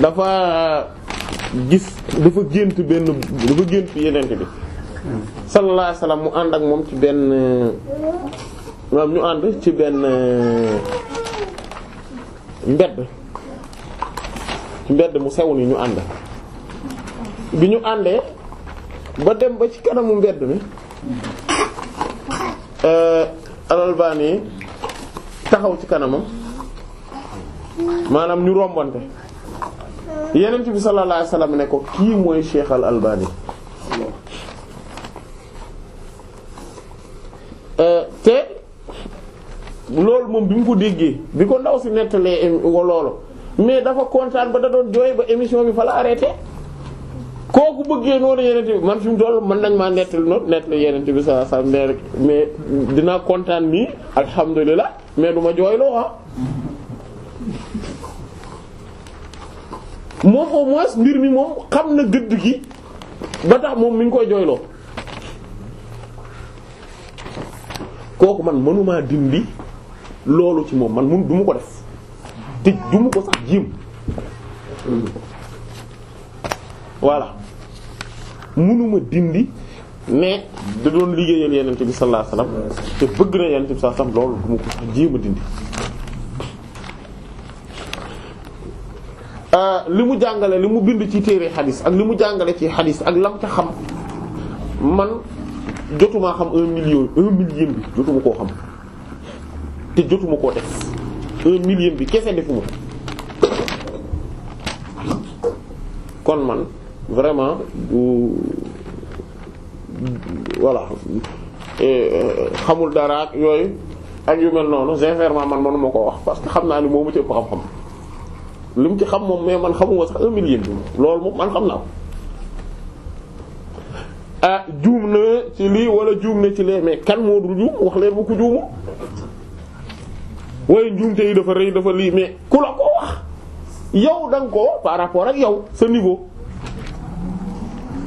dafa gis dafa gént benn dafa gént yeneen bi sallallahu alayhi wasallam mu ànd ak moom ci benn moom ñu ànd ci benn euh, mbedd ci mbedd mu sew ni ñu ànd bi ñu àndee ba dem ba ci kanamu mbedd mi euh, Al-Albani taxaw ci kanamam maanaam ñu rombante yeneen bi sallallahu alayhi wasallam ne ko kii mooy Cheikh Al Albani euh, te loolu moom bi mu ko déggee bi ko ndaw si nettalee loolu mais dafa kontaan ba da doon jooy ba émission bi fa la arrêté kooku bëggee noonu yeneen bi man fi mu toll mën nañ maa nettali noonu nettali yeneen bi sallallahu alayhi wasallam mais dinaa kontaan nii alhamdulilah mais du ma jooyloo ah. moom au moins mbir mi moom xam na gëdd gi ba tax moom mi ngi koy jooyloo kooku man mënuma dindi loolu ci moom man mun du ko def te du mu ko sax jiim voilà mënuma dindi mais da doon liggéeyal yenente bi sallallahu alayhi te bëgg na yenente bi sallallahu loolu du ko sax jéem a dindi Euh, li mu jàngale li mu bind ci téere xadis ak li mu jàngale ci xadis ak lam ca xam man jotumaa xam un million un millième bi jotuma koo xam te jotuma koo def un millième bi kese defuma kon man vraiment du voilà euh, xamul dara ak yooyu ak yu mel noonu sincèrement man manuma koo wax parce que xam naa ni moomu ci ëpp xam-xam li mu ci xam moom mais man xamuma sax un million bi loolu moom man xam naa ko ah juum wala juum na ci lee mais kan moo wax leen bu ko juumu waaye njuumte dafa dafa lii mais ku ko par rapport ak yow sa niveau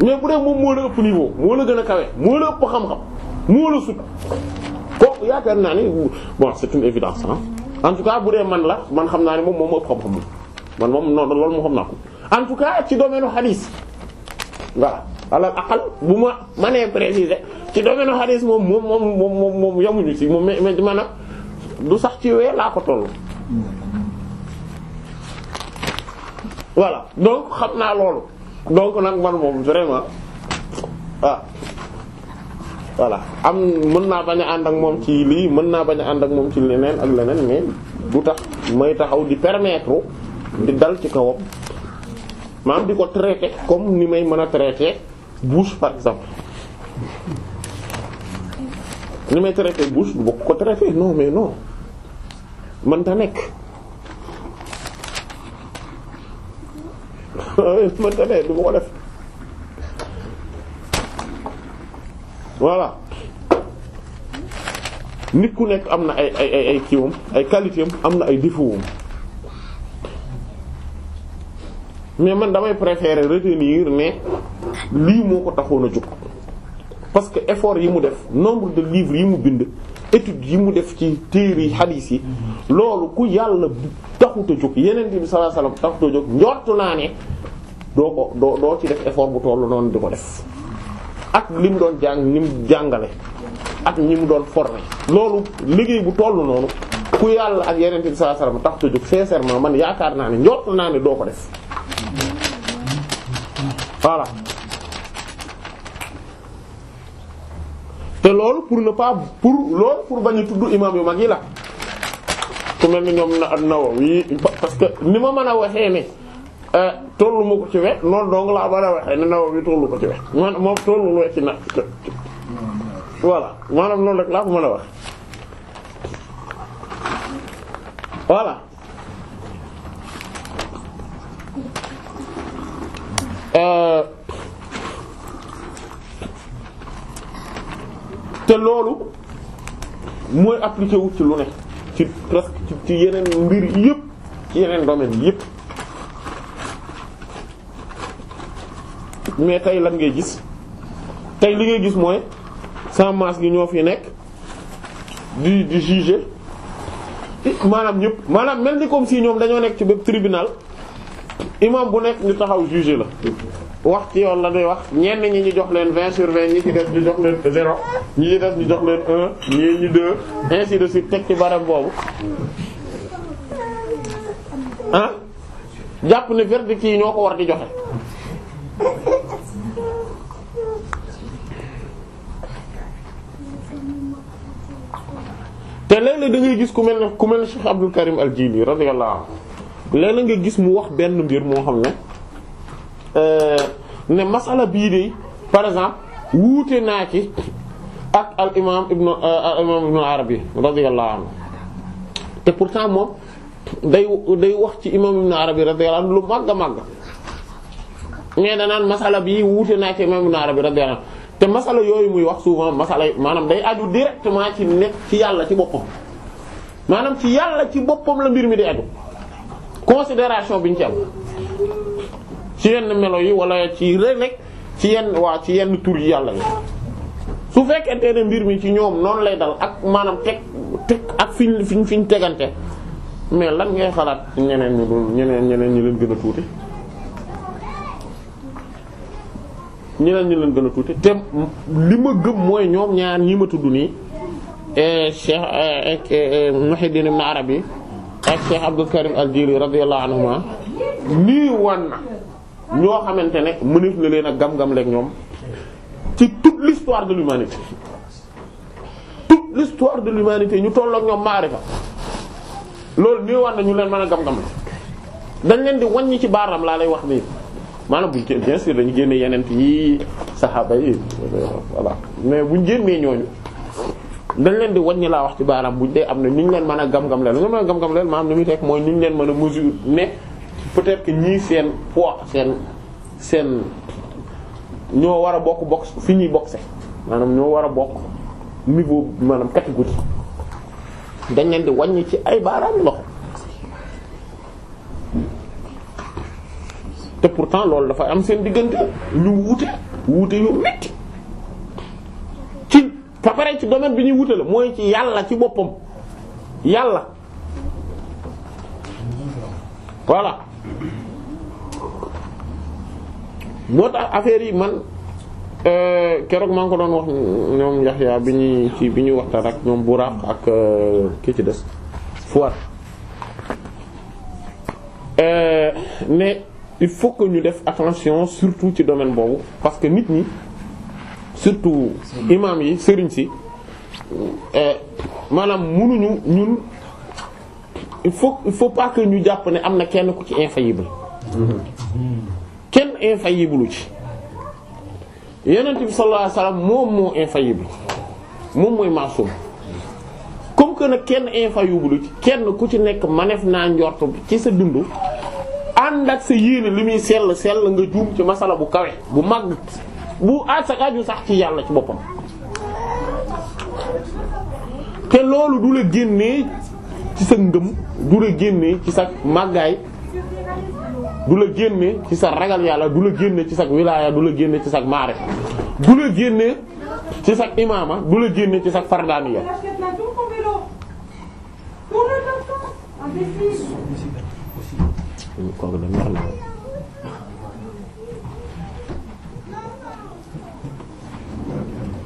mais bu dee moom moo ëpp gën a kawe moo ëpp xam-xam moo la naa ni bon c'est une évidence ah en tout bu dee man la man xam naa ne moom moom moo man moom non loolu moo xam naa ko en ci domaine hadith voilà alal aqal bu ma mënee préciser ci domaine hadith moom moom moom moom moom yamuñu ci moom mais maanaam du sax ci wee laa ko toll. voilà donc xam naa loolu donc nag man moom vraiment ah am mën naa bañ a ànd ak moom ci lii mën naa bañ a ànd ak moom ci leneen ak leneen mais du tax may taxaw di permettre. di dal ci kawam maanaam di ko traiter comme ni may mën a traité bouche par exemple ni may traiter bouche du bokk ko traiter non mais non man ta nekk [LAUGHS] man ta nekk du ma ko def voilà nit ku nekk am na ay ay ay ay kiiwam ay qualité am na ay défaut mais man damay préférer retenir ne lii moo ko taxoon a jóg parce que effort yi mu def nombre de livres yi mu bind études yi mu def ci téere yi hadith yi loolu ku yàlla taxut a jóg yeneen bi sallallahu alayhi wasallam taxut a jóg njortu naa ne doo ko doo doo ci def effort bu tollu noonu di ko def ak li mu doon jàng ni mu jàngale ak ñi mu doon formé loolu liggéey bu tollu noonu ku yàlla ak yeneen bi sallallahu alayhi wasallam taxut a jóg man yaakaar naa ne njortu naa ne doo ko def voilà te loolu pour ne pas pour loolu pour bañ a tudd imam yu mag yi la ku mel ni ñoom na Nawawi parce que ni ma mën a waxee ne euh, tollu ma ko ci we noonu donc laa mën a waxee ne Nawawi tollu ko ci we man moom tollu we ci na voilà maanaam loolu rek laa ko mën a wax voilà Euh, te loolu mooy appliqué wu ci lu ne ci presque ci yeneen mbir yépp ci yeneen domaine yépp mais tey lan ngay gis tey li ngay gis mooy sans masse gi ñoo fi nekk di di juger maanaam ñépp maanaam mel ni comme si ñoom dañoo nekk ci bépp tribunal imam bu nekk ñu taxaw jugé la wax ci yoon la day wax ñenn ñi ñu jox leen 20 sur ñi ñu jox leen 0 ñi ci def ñu jox leen 1 ñii ñu 2 ainsi de suite teg ci barab boobu ah jàpp ne verdict kii ñoo ko war di joxe te léeg-léeg gis ku mel ne ku mel ne Cheikh Abdul Karim Al Jili radiyallahu anhu léeg-léeg nga gis mu wax benn mbir moo xam ne euh, ne masala bii de par exemple wuute naa ci ak al imaam ibnu euh, al imaam ibnu arabi radiyallahu anhu te pourtant moom day wax ci imaam ibnu arabi radiyallahu anhu lu màgg a màgg mais danaan masala bii wuute naa ci imaam ibnu arabi radiyallahu anhu te masala yooyu muy wax souvent masala maanaam day aju directement ci nekk ci yàlla ci boppam maanaam ci yàlla ci boppam la mbir mi di aju considération bi ñu ci ci yenn melo yi wala ci rek rek ci yenn waa ci yenn tur yi yàlla yi su fekkente ne mbir mi ci ñoom noonu lay dal ak maanaam teg teg ak fiñ fiñ fiñ tegante mais lan ngay xalaat ñeneen ñu ñeneen ñeneen ñi leen gën a tuuti ñeneen ñu leen gën a tuuti te li ma gëm mooy ñoom ñaar ñi ma tudd nii eh, Cheikh eh, eh, Muhiddin Ibn Arabi ak Cheikh Abdul Karim Al-Jili radiyallahu anhuma lii wan na ñoo xamante ne mënif na leen ak gam-gam leeg ñoom ci toute l'histoire de l'humanité toute l'histoire de l'humanité ñu tollook ñoom maarifa loolu nii wan na ñu leen mën a gam-gam la dañ leen di wàññi ci baaram laa lay wax nii maanaam buñ bien sûr dañu génnee yeneen yi saxaaba yi voilà mais buñ génnee ñooñu dañ leen di wàññi laa wax ci baaraam buñ dee am na ñu ñu leen mën a gam-gam leen ñu mën a gam-gam leen maanaam li teg mooy ñu leen mën a mesure ne peut-être que ñii seen poids seen seen ñoo war a bokk box fi ñuy boxe maanaam ñoo war a bokk niveau maanaam catégorie dañ leen di wàññi ci ay baaraam loxo te pourtant loolu dafa am seen diggante ñu wuute wuute yu metti te ci domaine bi ñuy wute mooy ci yàlla ci boppam yàlla voilà moo tax affaire yi man euh, keroog maa ngi ko doon wax ñoom Yaxya bi ñuy ci bi ñuy waxtaan ak ñoom Buraq ak euh, ki ci des Fuad euh, ne il faut que ñu def attention surtout ci domaine boobu parce que nit ñi surtout imam yi sëriñ si euh, maanaam munuñu ñun il faut il faut pas ñu jàpp ne am na kenn ku ci infaillible kenn infaillible ci yonent bi sallallahu alayhi wasallam moom moo infaillible moom mooy maasum comme que na kenn infaillible ci kenn ku ci nekk manef naa njort ci sa dund ànd ak sa yéene li muy sell sell nga juum ci masala bu kawe bu mag bu asaka ju sax ci yàlla ci boppam te loolu du la génnee ci sa ngëm du la génnee ci sa màggaay du la génne ci sa ragal yàlla du la génne ci sa wilaaya du la génne ci sa maarif du la génne ci sa imaama du ci sa fardaaniya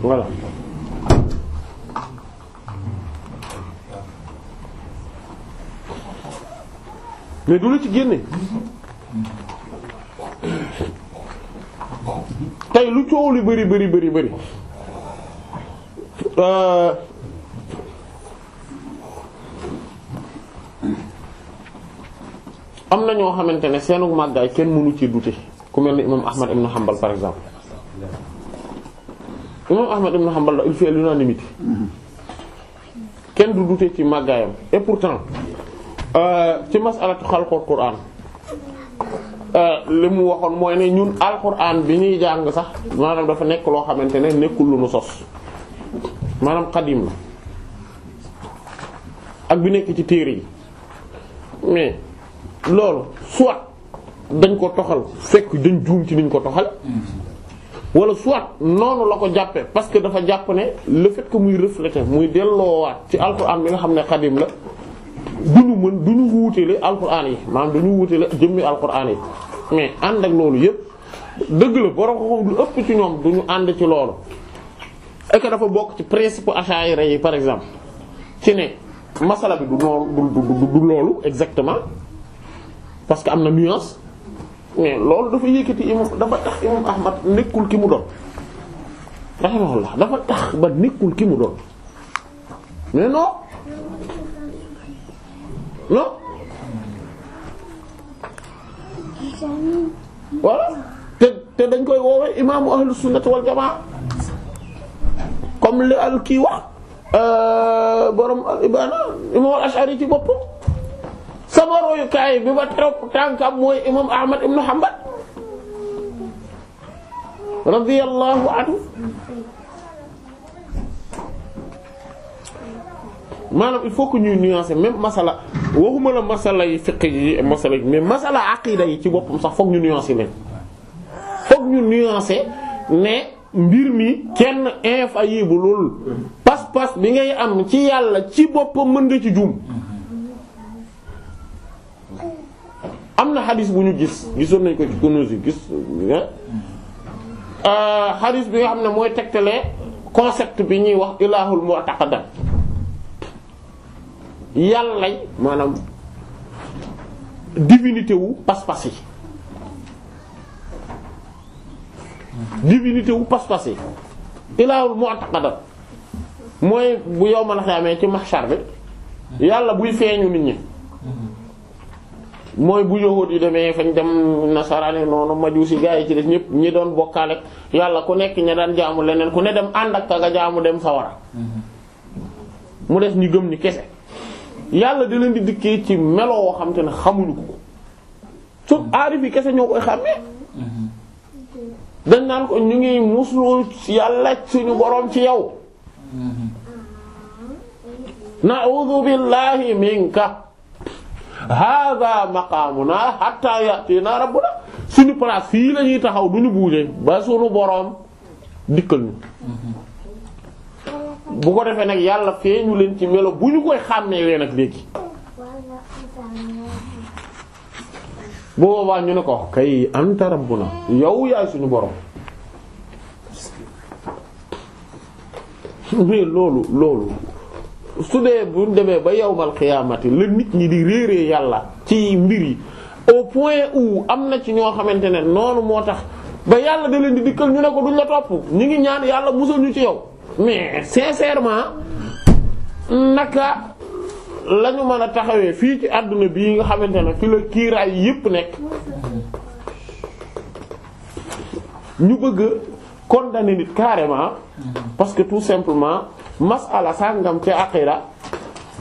voilà mais du la ci génne tey lu coow li bari bari bari bari euh, am na ñoo xamante ne seenu màggaay kenn mënu ci douter ku mel ni imam Ahmad ibn Hanbal par exemple imam Ahmad ibn Hanbal il fait l'unanimité kenn du dute ci màggaayam et pourtant euh, ci masalatu xalqul Qur'an euh, li mu waxoon mooy ne ñun alquran bi ñuy jàng sax maanaam dafa nekk loo xamante ne nekkul lu nu sos maanaam xadim la ak bi nekk ci téere yi mais loolu soit dañ ko toxal fekk dañ juum ci niñ ko toxal wala soit noonu la ko jàppee parce que dafa jàpp ne le fait muy refléter muy delloowaat ci alxuraan bi nga xam ne xadim la du ñu mën du ñu wuutele alxuraan yi maanaam du ñu wuutele jëmmi alxuraan yi mais ànd ak loolu yépp dëgg la borom xam lu ëpp ci ñoom du ñu ànd ci loolu. et que dafa bokk ci principe achaira yi par exemple ci ne masala bi du loolu exactement parce que am na nuance. mais loolu dafa yëkkati imam dafa tax imam Ahmad nekkul ki mu doon rahimahullah dafa tax ba nékkul ki mu doon mais non non voilà te te dañ koy woowee imaamu ahlu sunnati wal jamaa comme li al kii wax euh, borom al ibaana imam al ashari ci bopp sama royukaay bi ma topp tànkam mooy imam Ahmad ibn Hanbal radiyallahu anhu maanaam il faut que ñuy nuancer même masala waxuma la masala yi fiqh yi masala yi mais masala aqida yi ci boppam sax fokk ñu nuancer leen fokk ñu nuancer ne mbir mi kenn infaillible pas-pas bi ngay am ci yàlla ci boppam mën nga ci juum am na xadis bu ñu gis gisoon nañ ko ci Kunûz gis euh, xadis bi nga xam ne mooy tegtale concept bi ñuy wax ilahul mu'taqadan yàllay maanaam divinité wu pas-pas yi divinité wu pas-pas yi ilahul mu'taqadan mooy bu yow mën a xamee ci mahshar bi yàlla buy feeñu nit ñi mooy bu yowóot yi demee fañ dem nasaraan nasaraani noonu majuusi gaa yi ci def ñëpp ñi doon bokkaale yàlla ku nekk ña daan jaamu leneen ku ne dem ànd ak ka nga jaamu dem sawara mu des ñu gëm ñi kese yàlla di di dikkee ci meloo woo xam te ne xamuñu ko su aarif yi kese ñoo koy xàmmee dañ naan ko ñu ngi muslu yàlla suñu boroom ci yow mm-hmm. na'udhu billahi minka hada maqaamuna hatta yatina rabbuna suñu place fii lañuy taxaw duñu ñu buuje ba suñu boroom dikkal ñu bu ko defee nag yàlla feeñu leen ci melo bu ñu koy xàmmee nag léegi bu boobaa ñu ne ko kay anta rabbuna yow yaay suñu boroom [LAUGHS] mais loolu loolu su dee buñ demee ba yawmal xiyaamati la nit ñi di réeree yàlla ci mbir yi au point où am na ci ñoo xamante ne noonu moo tax ba yàlla da leen di dikkal ñu ne ko duñ la topp ñu ngi ñaan yàlla musal ñu ci yow mais sincèrement naka la ñu mën a taxawee fii ci àdduna bii nga xamante ne fi la kiiraay yépp nekk ñu bëgg condamner nit carrément parce tout simplement masala ngam ca aqida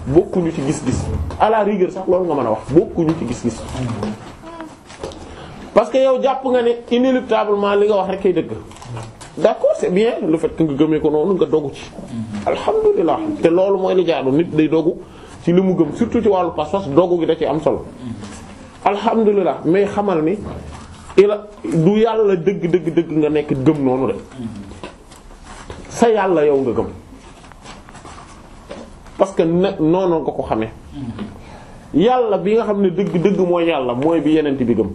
bokkuñu ci gis-gis à la rigueur sax loolu nga mën a wax bokkuñu ci gis-gis parce que yow jàpp nga ne inéluctablement li nga wax rek kay dëgg d'accord c'est bien lu fait que nga gëmee ko noonu nga dogu ci alhamdulilah te loolu mooy li jaadu nit day dogu ci li mu gëm surtout ci wàllu pas-pas dogu gi da ci am solo alhamdulilah mais xamal ni ila du yàlla dëgg dëgg dëgg nga nekk gëm noonu de sa yàlla yow nga gëm parce que ne noonu nga ko xamee yàlla bi nga xam ne dëgg dëgg mooy yàlla mooy bi yenent bi gëm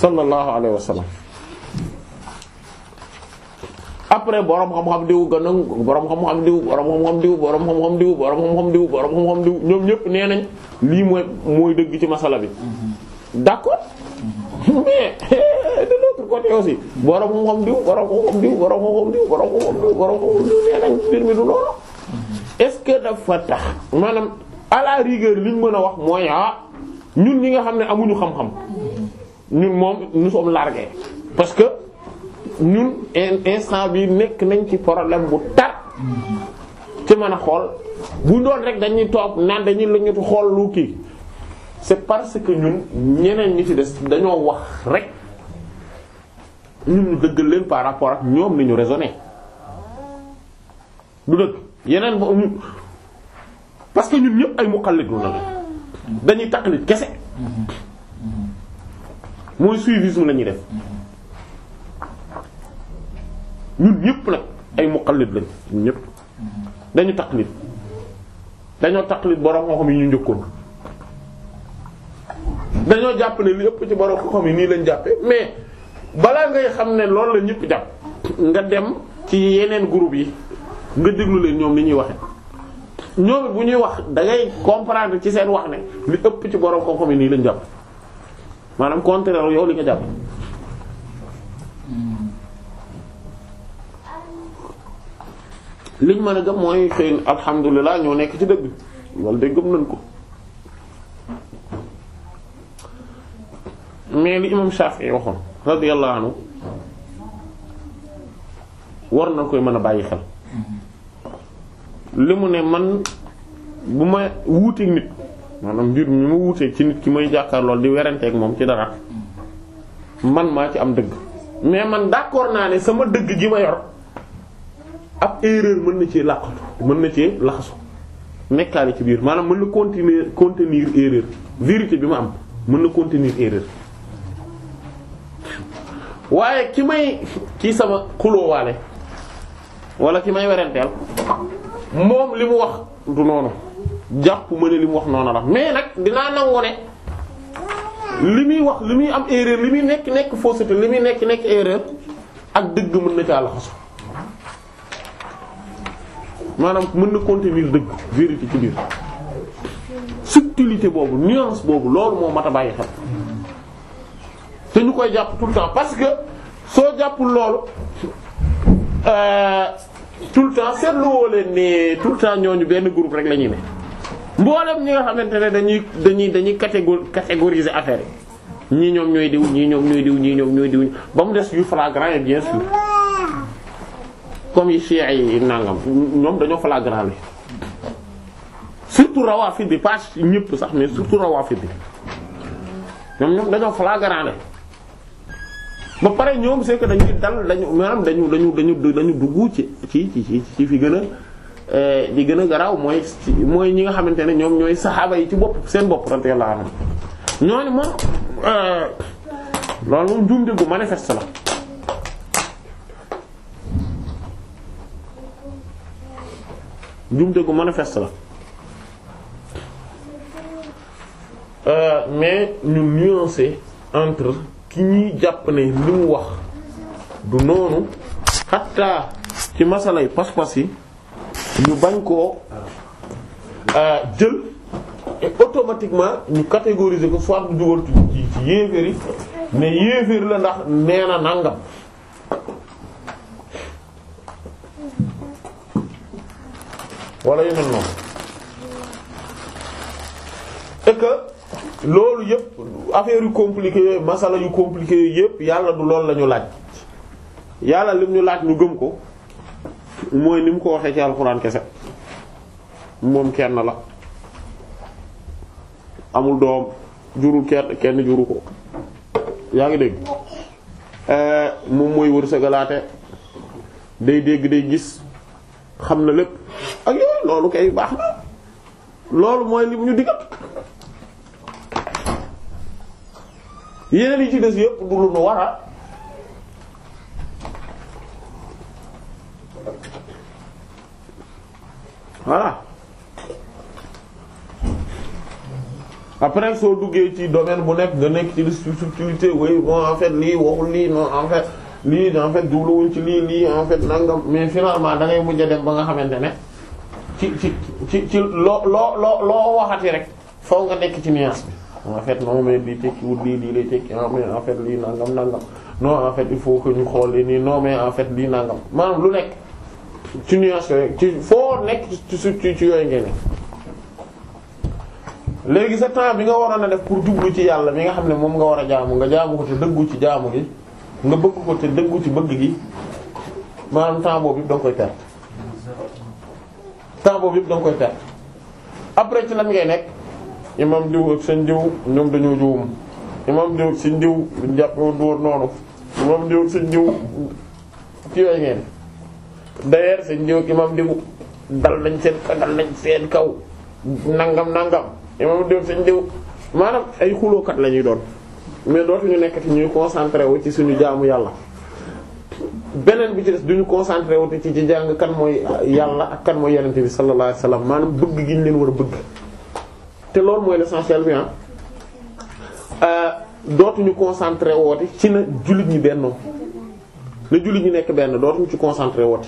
sallallahu alayhi wa sallam après borom xam-xam diw borom xam-xam diw borom xam-xam diw borom xam-xam diw borom xam-xam diw borom xam-xam diw ñoom ñëpp nee nañ lii mooy mooy dëgg ci masala bi d'accord borom xam-xam diw borom xam-xam diw borom xam-xam diw borom xam-xam diw borom xam-xam diw est-ce que dafa tax maanaam à la rigueur mën a wax mooy ah ñun ñi nga xam ne amuñu xam-xam ñun moom nous sommes largués parce que ñun instant bi nekk nañ ci problème bu tar ci mën a xool bu doon rek dañuy toog naan dañuy lañu xool lu kii c'est parce que ñun ñeneen ñi ci des dañoo wax rek ñun ñu dëggal leen par rapport ak ñoom ni ñu raisonné du dëgg yeneen ba parce que ñun ñëpp ay muqallidun la dañuy taqlid kese mooy suivisme la ñuy def ñun ñëpp nag ay muqallid lañ ñun ñëpp dañu taqlid dañoo taqlid borom xam-xam yi ñu njëkkoon dañoo jàpp ne li ëpp ci borom xam yi nii lañ jàppee mais balaa ngay xam ne loolu la ñëpp jàpp nga dem ci yeneen groupe yi. nga déglu leen ñoom li ñuy waxe ñoom bu ñuy wax da ngay comprendre ci seen wax ne li ëpp ci borom xam-xam yi nii lañ jàpp maanaam contraire yow li nga jàpp. liñ mën a gëm mooy xëy na alhamdulilah ñoo nekk ci dëgg wala de gëm nañ ko mais li imam Shafi'i waxoon radiyallahu anhu war nañ koy mën a bàyyi xel. li mu ne man bu ma wuuteeg nit maanaam mbir mi ma wuuteeg ci nit ki may jàkkaar lool di weranteeg moom ci dara man maa ci am dëgg mais man d'accord naa ne sama dëgg gi ma yor ab erreur mën na ci làqatu mën na ci laxasu nekkaale ci biir maanaam mën na continuer contenir erreur vérité bi ma am mën na continuer erreur waaye ki may ki sama xuloowaale wala ki may weranteel moom li mu wax du noonu jàpp ma ne li mu wax noonu la mais nag dinaa nangu ne li muy wax li muy am erreur li muy nekk nekk fausseté li muy nekk nekk erreur ak dëgg mën na caa la maanaam mën na contenir dëgg vérité ci biir subtilité boobu nuance boobu loolu moo mat a bàyyi xel te ñu koy jàpp tout temps parce que soo jàppul loolu. Euh, tout le temps seetlu woo leen ne tout le temps ñooñu benn groupe rek la ñuy ne mboolem ñi nga xamante ne dañuy dañuy dañuy catégor catégoriser affaire ñii ñoom ñooy diw ñii ñoom ñooy diw ñii ñoom ñooy diw ba mu des yu flagrant et bien sûr comme yi chia yi nangam ñoom dañoo flagrant li surtout rawaafid bi pas ñëpp sax mais surtout rawaafid bi ñoom ñoom dañoo flagrant ba pare ñoom c'est que dañuy dal dañu maanaam dañu dañu dañu dañu dugg ci ci ci ci fi gën a eh, di gën a garaaw mooy mooy ñi nga xamante ne ñoom ñooy saxaaba yi ci bopp seen bopp radiyallahu anhum ñooñu ma eh, loolu moom juumte gu manifeste la. juumte gu manifeste la eh, mais ñu nuancer entre. ki ñuy jàpp ne li wax du noonu xattaa ci masalay pas-pas yi ñu bañ koo euh, jël et automatiquement ñu catégoriser ko soit du dugal ci ci yéeféer ne yéeféer la ndax nee na nàngam wala yu mel noonu et loolu yëpp affaire yu compliqué masala yu compliqué yëpp yàlla du lool la ñu laaj yàlla lim ñu laaj ñu gëm ko mooy lim ko waxee ci alxuraan kese moom kenn la amul doom jurul kenn kenn juru ko yaa ngi dégg euh, moom mooy wërsëgalaate day dégg day gis xam na lépp ak yooyu loolu kay baax na loolu mooy li ñu digal yeneen yi ci des yëpp du lu nu war a voilà après soo duggee ci domaine bu nekk nga nekk ci subtilité oui bon en fait lii waxul lii non en lii en fait jubluwuñ ci lii lii en nanga mais finalement dangay ngay mujj a dem ba nga xamante ne ci ci ci ci loo loo loo loo waxati rek foo nga nekk ci nuance bi. en fait non mais lii tekkiwul lii lii lay tekki non ah, mais en fait lii nangam nangam non en fait il faut que ñu xoolee nii non mais en fait lii nangam maanaam lu nekk ci nuance yooyu ci foo nekk ci ci ci yooyu ngeen ne léegi sa temps bi nga waroon a def pour jublu ci yàlla mi nga xam ne moom nga war a jaamu nga jaamu ko te dëggu ci jaamu gi nga bëgg ko te dëggu ci bëgg gi maanaam temps boobu yëpp koy perte temps boobu yëpp koy perte après ci lan ngay nekk. imam diw ak seen diw ñoom dañoo juum imam diw ak seen diw duñ jàppe woon du woon noonu imam diw ak seen diw ci yooyu ngeen d'ailleurs seen diw ak imam diw dal nañ seen kaw nangam nangam imam diw ak seen diw maanaam ay xulookat la ñuy doon mais dootuñu nekkati ñuy concentré wu ci suñu jaamu yàlla beneen bi ci des duñu concentré wu ci ci jàng kan mooy yàlla ak kan mooy yonent bi sallallahu alayhi maanaam bëgg gi ñu leen war a bëgg te loolu mooy l'essentiel bi ah euh, dootuñu concentré woote ci na jullit ñi bennoo na jullit ñi nekk benn dootuñu ci concentré woote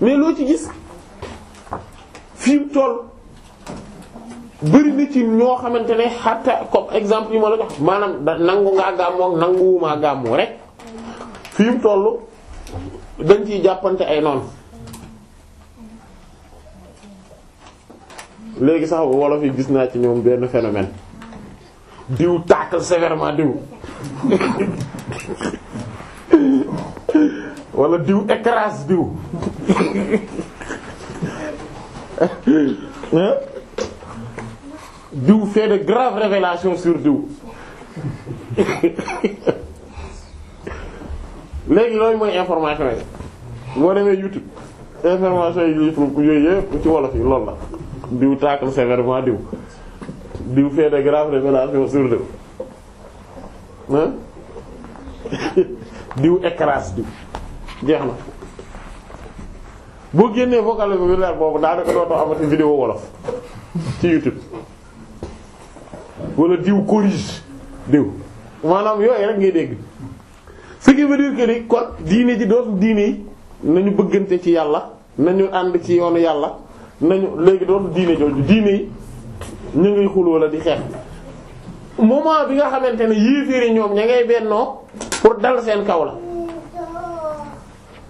mais loo ci gis fi mu toll bëri na ci ñoo xamante ne xatta comme exemple yi ma la jox maanaam da nangu ngaa gàmmoo nanguwumaa gàmmoo rek fi mu toll dañ ciy jàppante ay noonu. léegi sax wolof yi gis naa ci ñoom benn phénomène diw tacle sévèrement diw wala diw écrase diw diw fait de graves révélations sur diw léegi loolu mooy information yi boo demee YouTube information yi lii yooyu ci wolof yi loolu la diw tacle sévèrement diw diw fait de graves sur diw [LAUGHS] diw écrase diw jeex na boo génnee vocal bi leer boobu daanaka dootoo amati vidéo wolof ci YouTube wala diw corrige diw maanaam yooyu rek ngay dégg ce qui veut dire ni kon diine ji dootul diine yi nañu bëggante ci yàlla nañu ànd ci yoonu yàlla nañu léegi doon diine jooju diine yi ñu ngi xuloo la di xeex moment bi nga xamante ne yéeféer yi ñoom ña ngay bennoo pour dal seen kaw la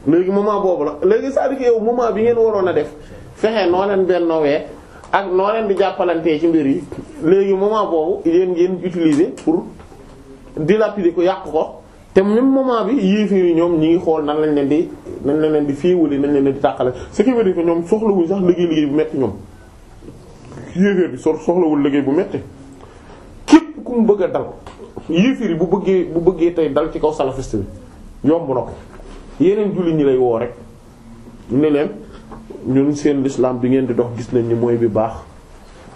léegi moment boobu la léegi sax à dire que yow moment bi ngeen waroon a def fexe noo leen bennoowee ak noo leen di jàppalantee ci mbir yi léegi moment boobu yéen ngeen utiliser pour di dilapider ko yàq ko te même moment bi yéeféer yi ñoom ñi ngi xool nan lañ leen di nan lañ leen di féewale nan lañ leen di tàqale ce qui veut dire que ñoom soxlawuñ sax liggéey liggéey bu metti ñoom yéeféer bi so soxlawul liggéey bu metti képp ku mu bëgg a dal yéeféer yi bu bëggee bu bëggee tey dal ci kaw salafiste bi yomb na ko yeneen julli ñi lay woo rek ne leen ñun seen l'islam bi ngeen di dox gis nañ ni mooy bi baax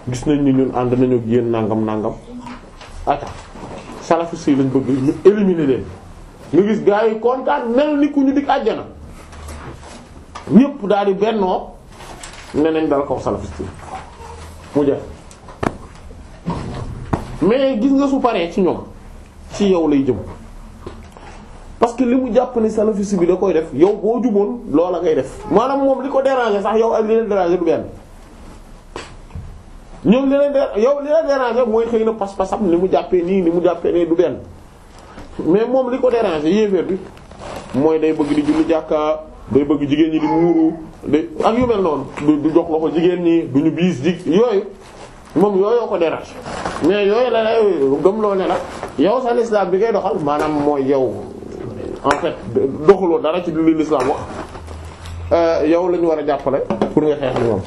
gis nañ ni ñun ànd nañu ak yéen nangam nangam ata salafiste yi lañ bëgg ñu nga gis gaa yi kontaan mel ni ku ñu dig àjjana ñëpp daal di bennoo ne nañ dal kaw salafiste mu jeex mais gis nga su paree ci ñoom ci yow lay jëm parce que li mu jàpp ni salafiste bi da koy def yow boo juboon a ngay def maanaam moom li ko déranger sax yow ak li du benn ñoom li leen yow li leen déranger mooy xëy na pas-pasam ni mu jàppee nii ni mu jàppee nii du benn mais moom li ko déranger yéeféer bi mooy day bëgg di julli jàkka day bëgg jigéen ñi di muuru day ak yu mel noonu du jox loxo jigéen ñi du ñu biis ji yooyu moom yooyu ko déranger mais yooyu la lay yow sa lislaam bi ngay doxal maanaam mooy yow en fait doxuloo dara ci euh, yow la war a jàppale pour nga xeex ñoom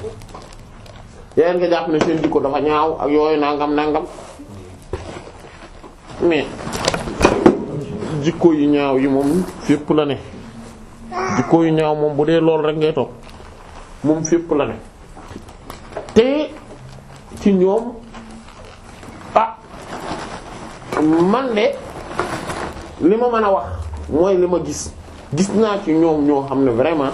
yeneen nga jàpp ne seen jikko dafa ñaaw ak yooyu nangam nangam mais jikko yu ñaaw yi moom fépp la ne jikko yu ñaaw moom bu dee loolu rek ngay toog moom fépp la ne te ci ñoom ah man de li ma mën a wax mooy li ma gis gis naa ci ñoom ñoo xam ne vraiment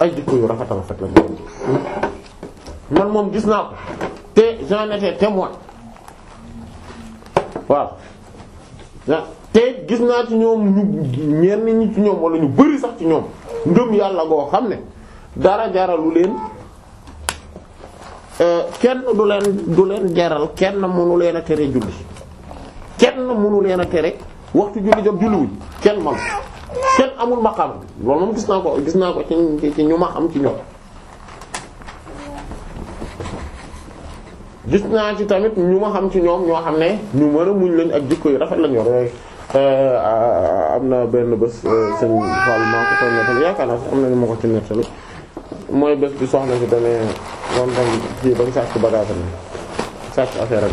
ay jikko yu rafet a rafet la ñu man moom gis naa ko te j'en étais témoin waaw. te gis naa ci ñoom ñu ñenn ñi ci ñoom wala ñu bari sax ci ñoom ngëm yàlla goo xam ne dara jaralu leen euh, kenn du leen du leen jaral kenn mënu leen a tere julli kenn mënu leen a tere waxtu julli jot julliwuñ kenn man kenn amul maqaam loolu moom gis naa ko gis naa ko ci ci ñu ma xam ci ñoom. gis naa ci tamit ñu ma xam ci ñoom ñoo xam ne ñu mën a muñ leen ak jikko yu rafet lañu yor Euh, ah, ah, am na benn bés euh, sëñ Fall maa ko koy nettali yaakaar naa am na ñu ma ko ci nettali mooy bés bi soxna si dane doon tam kii bañ sàcc bagage affaire am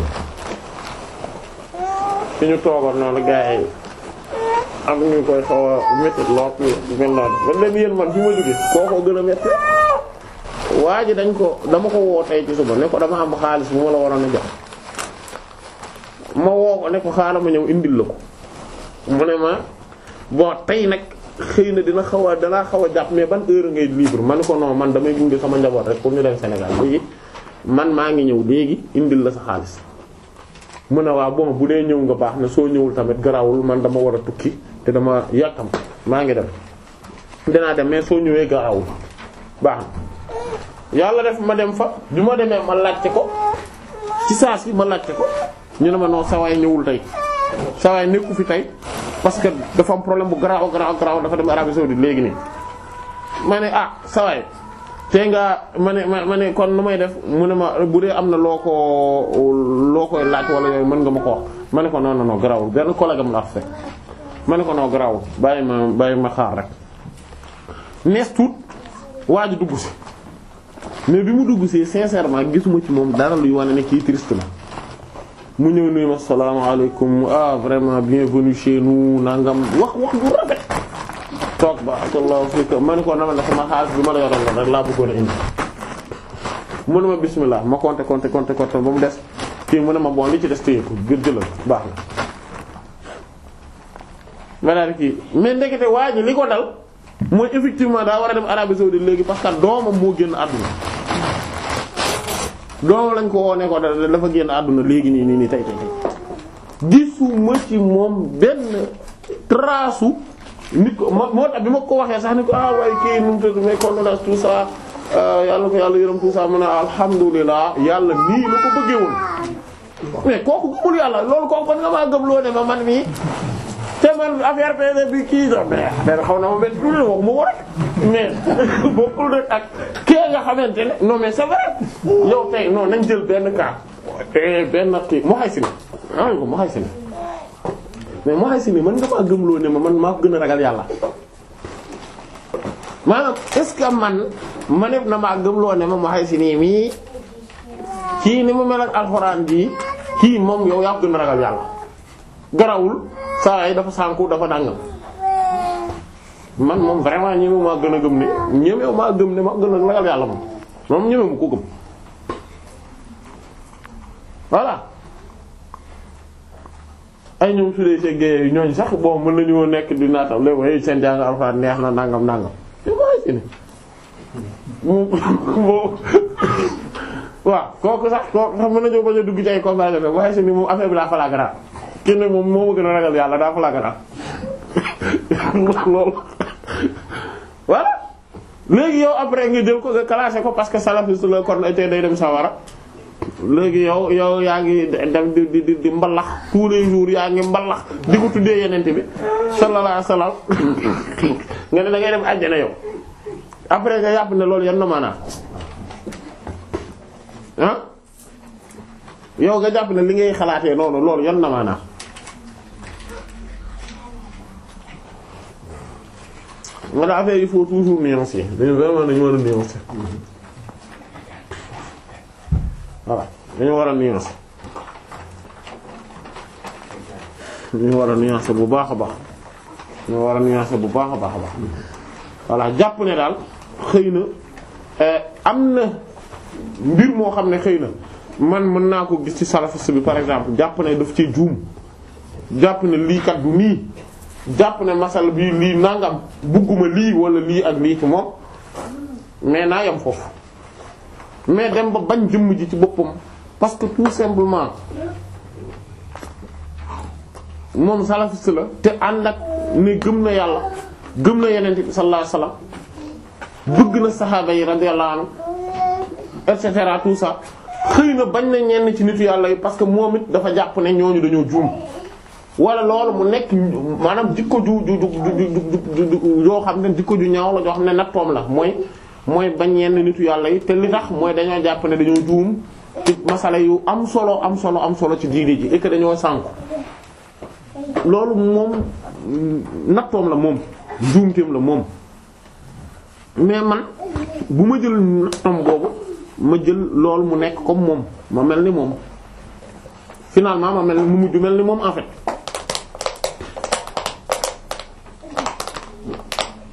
ñu toogoon noonu gaa am ñu koy xaw a métti lool mel noonu man léegi yéen man fi ma jóge kookoo gën a métti waa ji dañ ko dama ko woo tey ci suba ne dama am xaalis bu ma la waroon a jox ma woo ko ne ko ma ñëw indil la ko mu ne ma bon tey nag xëy na dina xaw a danaa xaw a jàpp mais ban heure ngay libre man ko non man damay gunge sama njaboot rek pour ñu dem Sénégal léegi man maa ngi ñëw léegi indil la sa xaalis mu ne waa bon bu dee ñëw nga baax ne soo ñëwul tamit garawul man dama war a tukki te dama yàkkam maa ngi dem dinaa dem mais soo ñëwee garawul baax yàlla def ma dem fa bi ma demee ma laajte ko ci saa si ma laajte ko ñu ne ma non sa waay ñëwul tey saa waay nekku fi tey parce que dafa problème bu garaaw garaaw garaaw dafa dem Arabie di léegi nii ma ne ah saa waay nga ma ne ma ne kon nu may def mu ne ma bu dee am na loo ko loo koy laaj wala yooyu mën nga ma ko wax ma ne ko non non non garaawul benn ma ne ko non garaawul bàyyi ma bàyyi ma xaar rek nees tuut waa dugg si mais bi mu dugg si sincèrement gisuma ci moom dara luy wane ne kii triste la. mu ñëw nuyu ma salaamaaleykum ah vraiment bien chez nous nangam wax wax bu rafet toog ba barakallahu fiik ma ni ko nama dafa ma xaalis bi ma la rek laa bëggoon a indi mu ne ma bismillah ma compter compter compter compter ba mu des kii mu ne ma bon li ci des téye ko ngir jëlal baax na ma daal kii mais ndekete waa ji li ko dal mooy effectivement daa war a dem Arabie saoudite léegi parce que doomam moo génn àdduna loolu lañ ko woone ko dafa génn àdduna léegi nii nii nii tey tey tey gisuma ci moom benn trace nit ko moo tax bi ma ko waxee sax ni ko ah waaye kii nu mu tudd mais condoléances tout ça euh, yàlla ko yàlla yërëm tout ça mu a alhamdulilah yàlla nii la ko bëggee woon. mais kooku gëmul yàlla loolu kooku ban nga maa gëm loo ma man mii te man affaire PNB bi kii sax mais affaire xaw na ma benn tuuti waxuma ko rek mais [LAUGHS] bokkul rek ak nga xamante ne non mais c'est yow tey non nañ jël benn cas benn kii Muhaysina ah ko Muhaysina mais Muhaysina man nga maa gëmloo ne ma man maa ko gën a ragal yàlla. maanaam est-ce que man manef na maa gëmloo ne ma mii kii ni mu mel ak alxuraan bii kii moom yow yaa ko gën a ragal yàlla garawul saa yi dafa sànku dafa dàngam. man moom vraiment ñemewu gën a gëm ne ñemewu gën a ragal yàlla moom moom ñemewu ko gëm voilà ay ñoom su dee mën nañoo nekk neex na nangam nangam imagine boo [LAUGHS] waaw mën nañoo bañ a dugg si bi daa flagrant kenn gën a ragal yàlla daa flagrant [LAUGHS] loolu voilà léegi yow après ngi dem ko nga classé ko parce que salafiste la kon été day dem sawara léegi yow yow yaa ngi dem di di di mbalax tous les jours yaa ngi mbalax di ko tuddee bi sallallahu alayhi wasallam [LAUGHS] nga ne da dem àjjana yow après nga yàpp ne loolu yan na maanaam ah yow nga jàpp ne li ngay xalaatee noonu loolu yan na maanaam wala affaire il faut toujours nuancer dañu vraiment dañu war a nuancer voilà dañu war a nuancer dañu war a nuancer bu baax a baax dañu war a nuancer bu baax a baax a baax voilà jàpp ne daal xëy na eh, am na mbir moo xam ne xëy na man mën naa ko gis ci salafiste bi par exemple jàpp ne daf ci juum jàpp ne lii kat nii jàpp ne masal bi lii nangam bugguma lii wala lii ak lii ci moom mais naa yam foofu mais dem ba bañ jëmm ji ci boppam parce que tout simplement moom salafiste la te ànd ak ne gëm na yàlla gëm na yeneen bi sallallahu alayhi wasallam bëgg na saxaaba yi radiyallahu anhu et cetera tout ça xëy na bañ na ñenn ci nitu yàlla yi parce que moom it dafa jàpp ne ñooñu dañoo juum wala loolu mu nekk maanaam jikko ju ju ju joo xam ne jikko ju ñaaw la joo xam ne nattoom la mooy mooy bañ yenn nitu yàlla yi te li tax mooy dañoo jàpp ne dañoo juum ci masala yu am solo am solo am solo ci diine ji et que dañoo sànku loolu moom nattoom la moom juumteem la moom mais man bu ma jël nattoom boobu ma jël loolu mu nekk comme moom ma mel ni moom finalement ma mel mu mujj mel ni moom en fait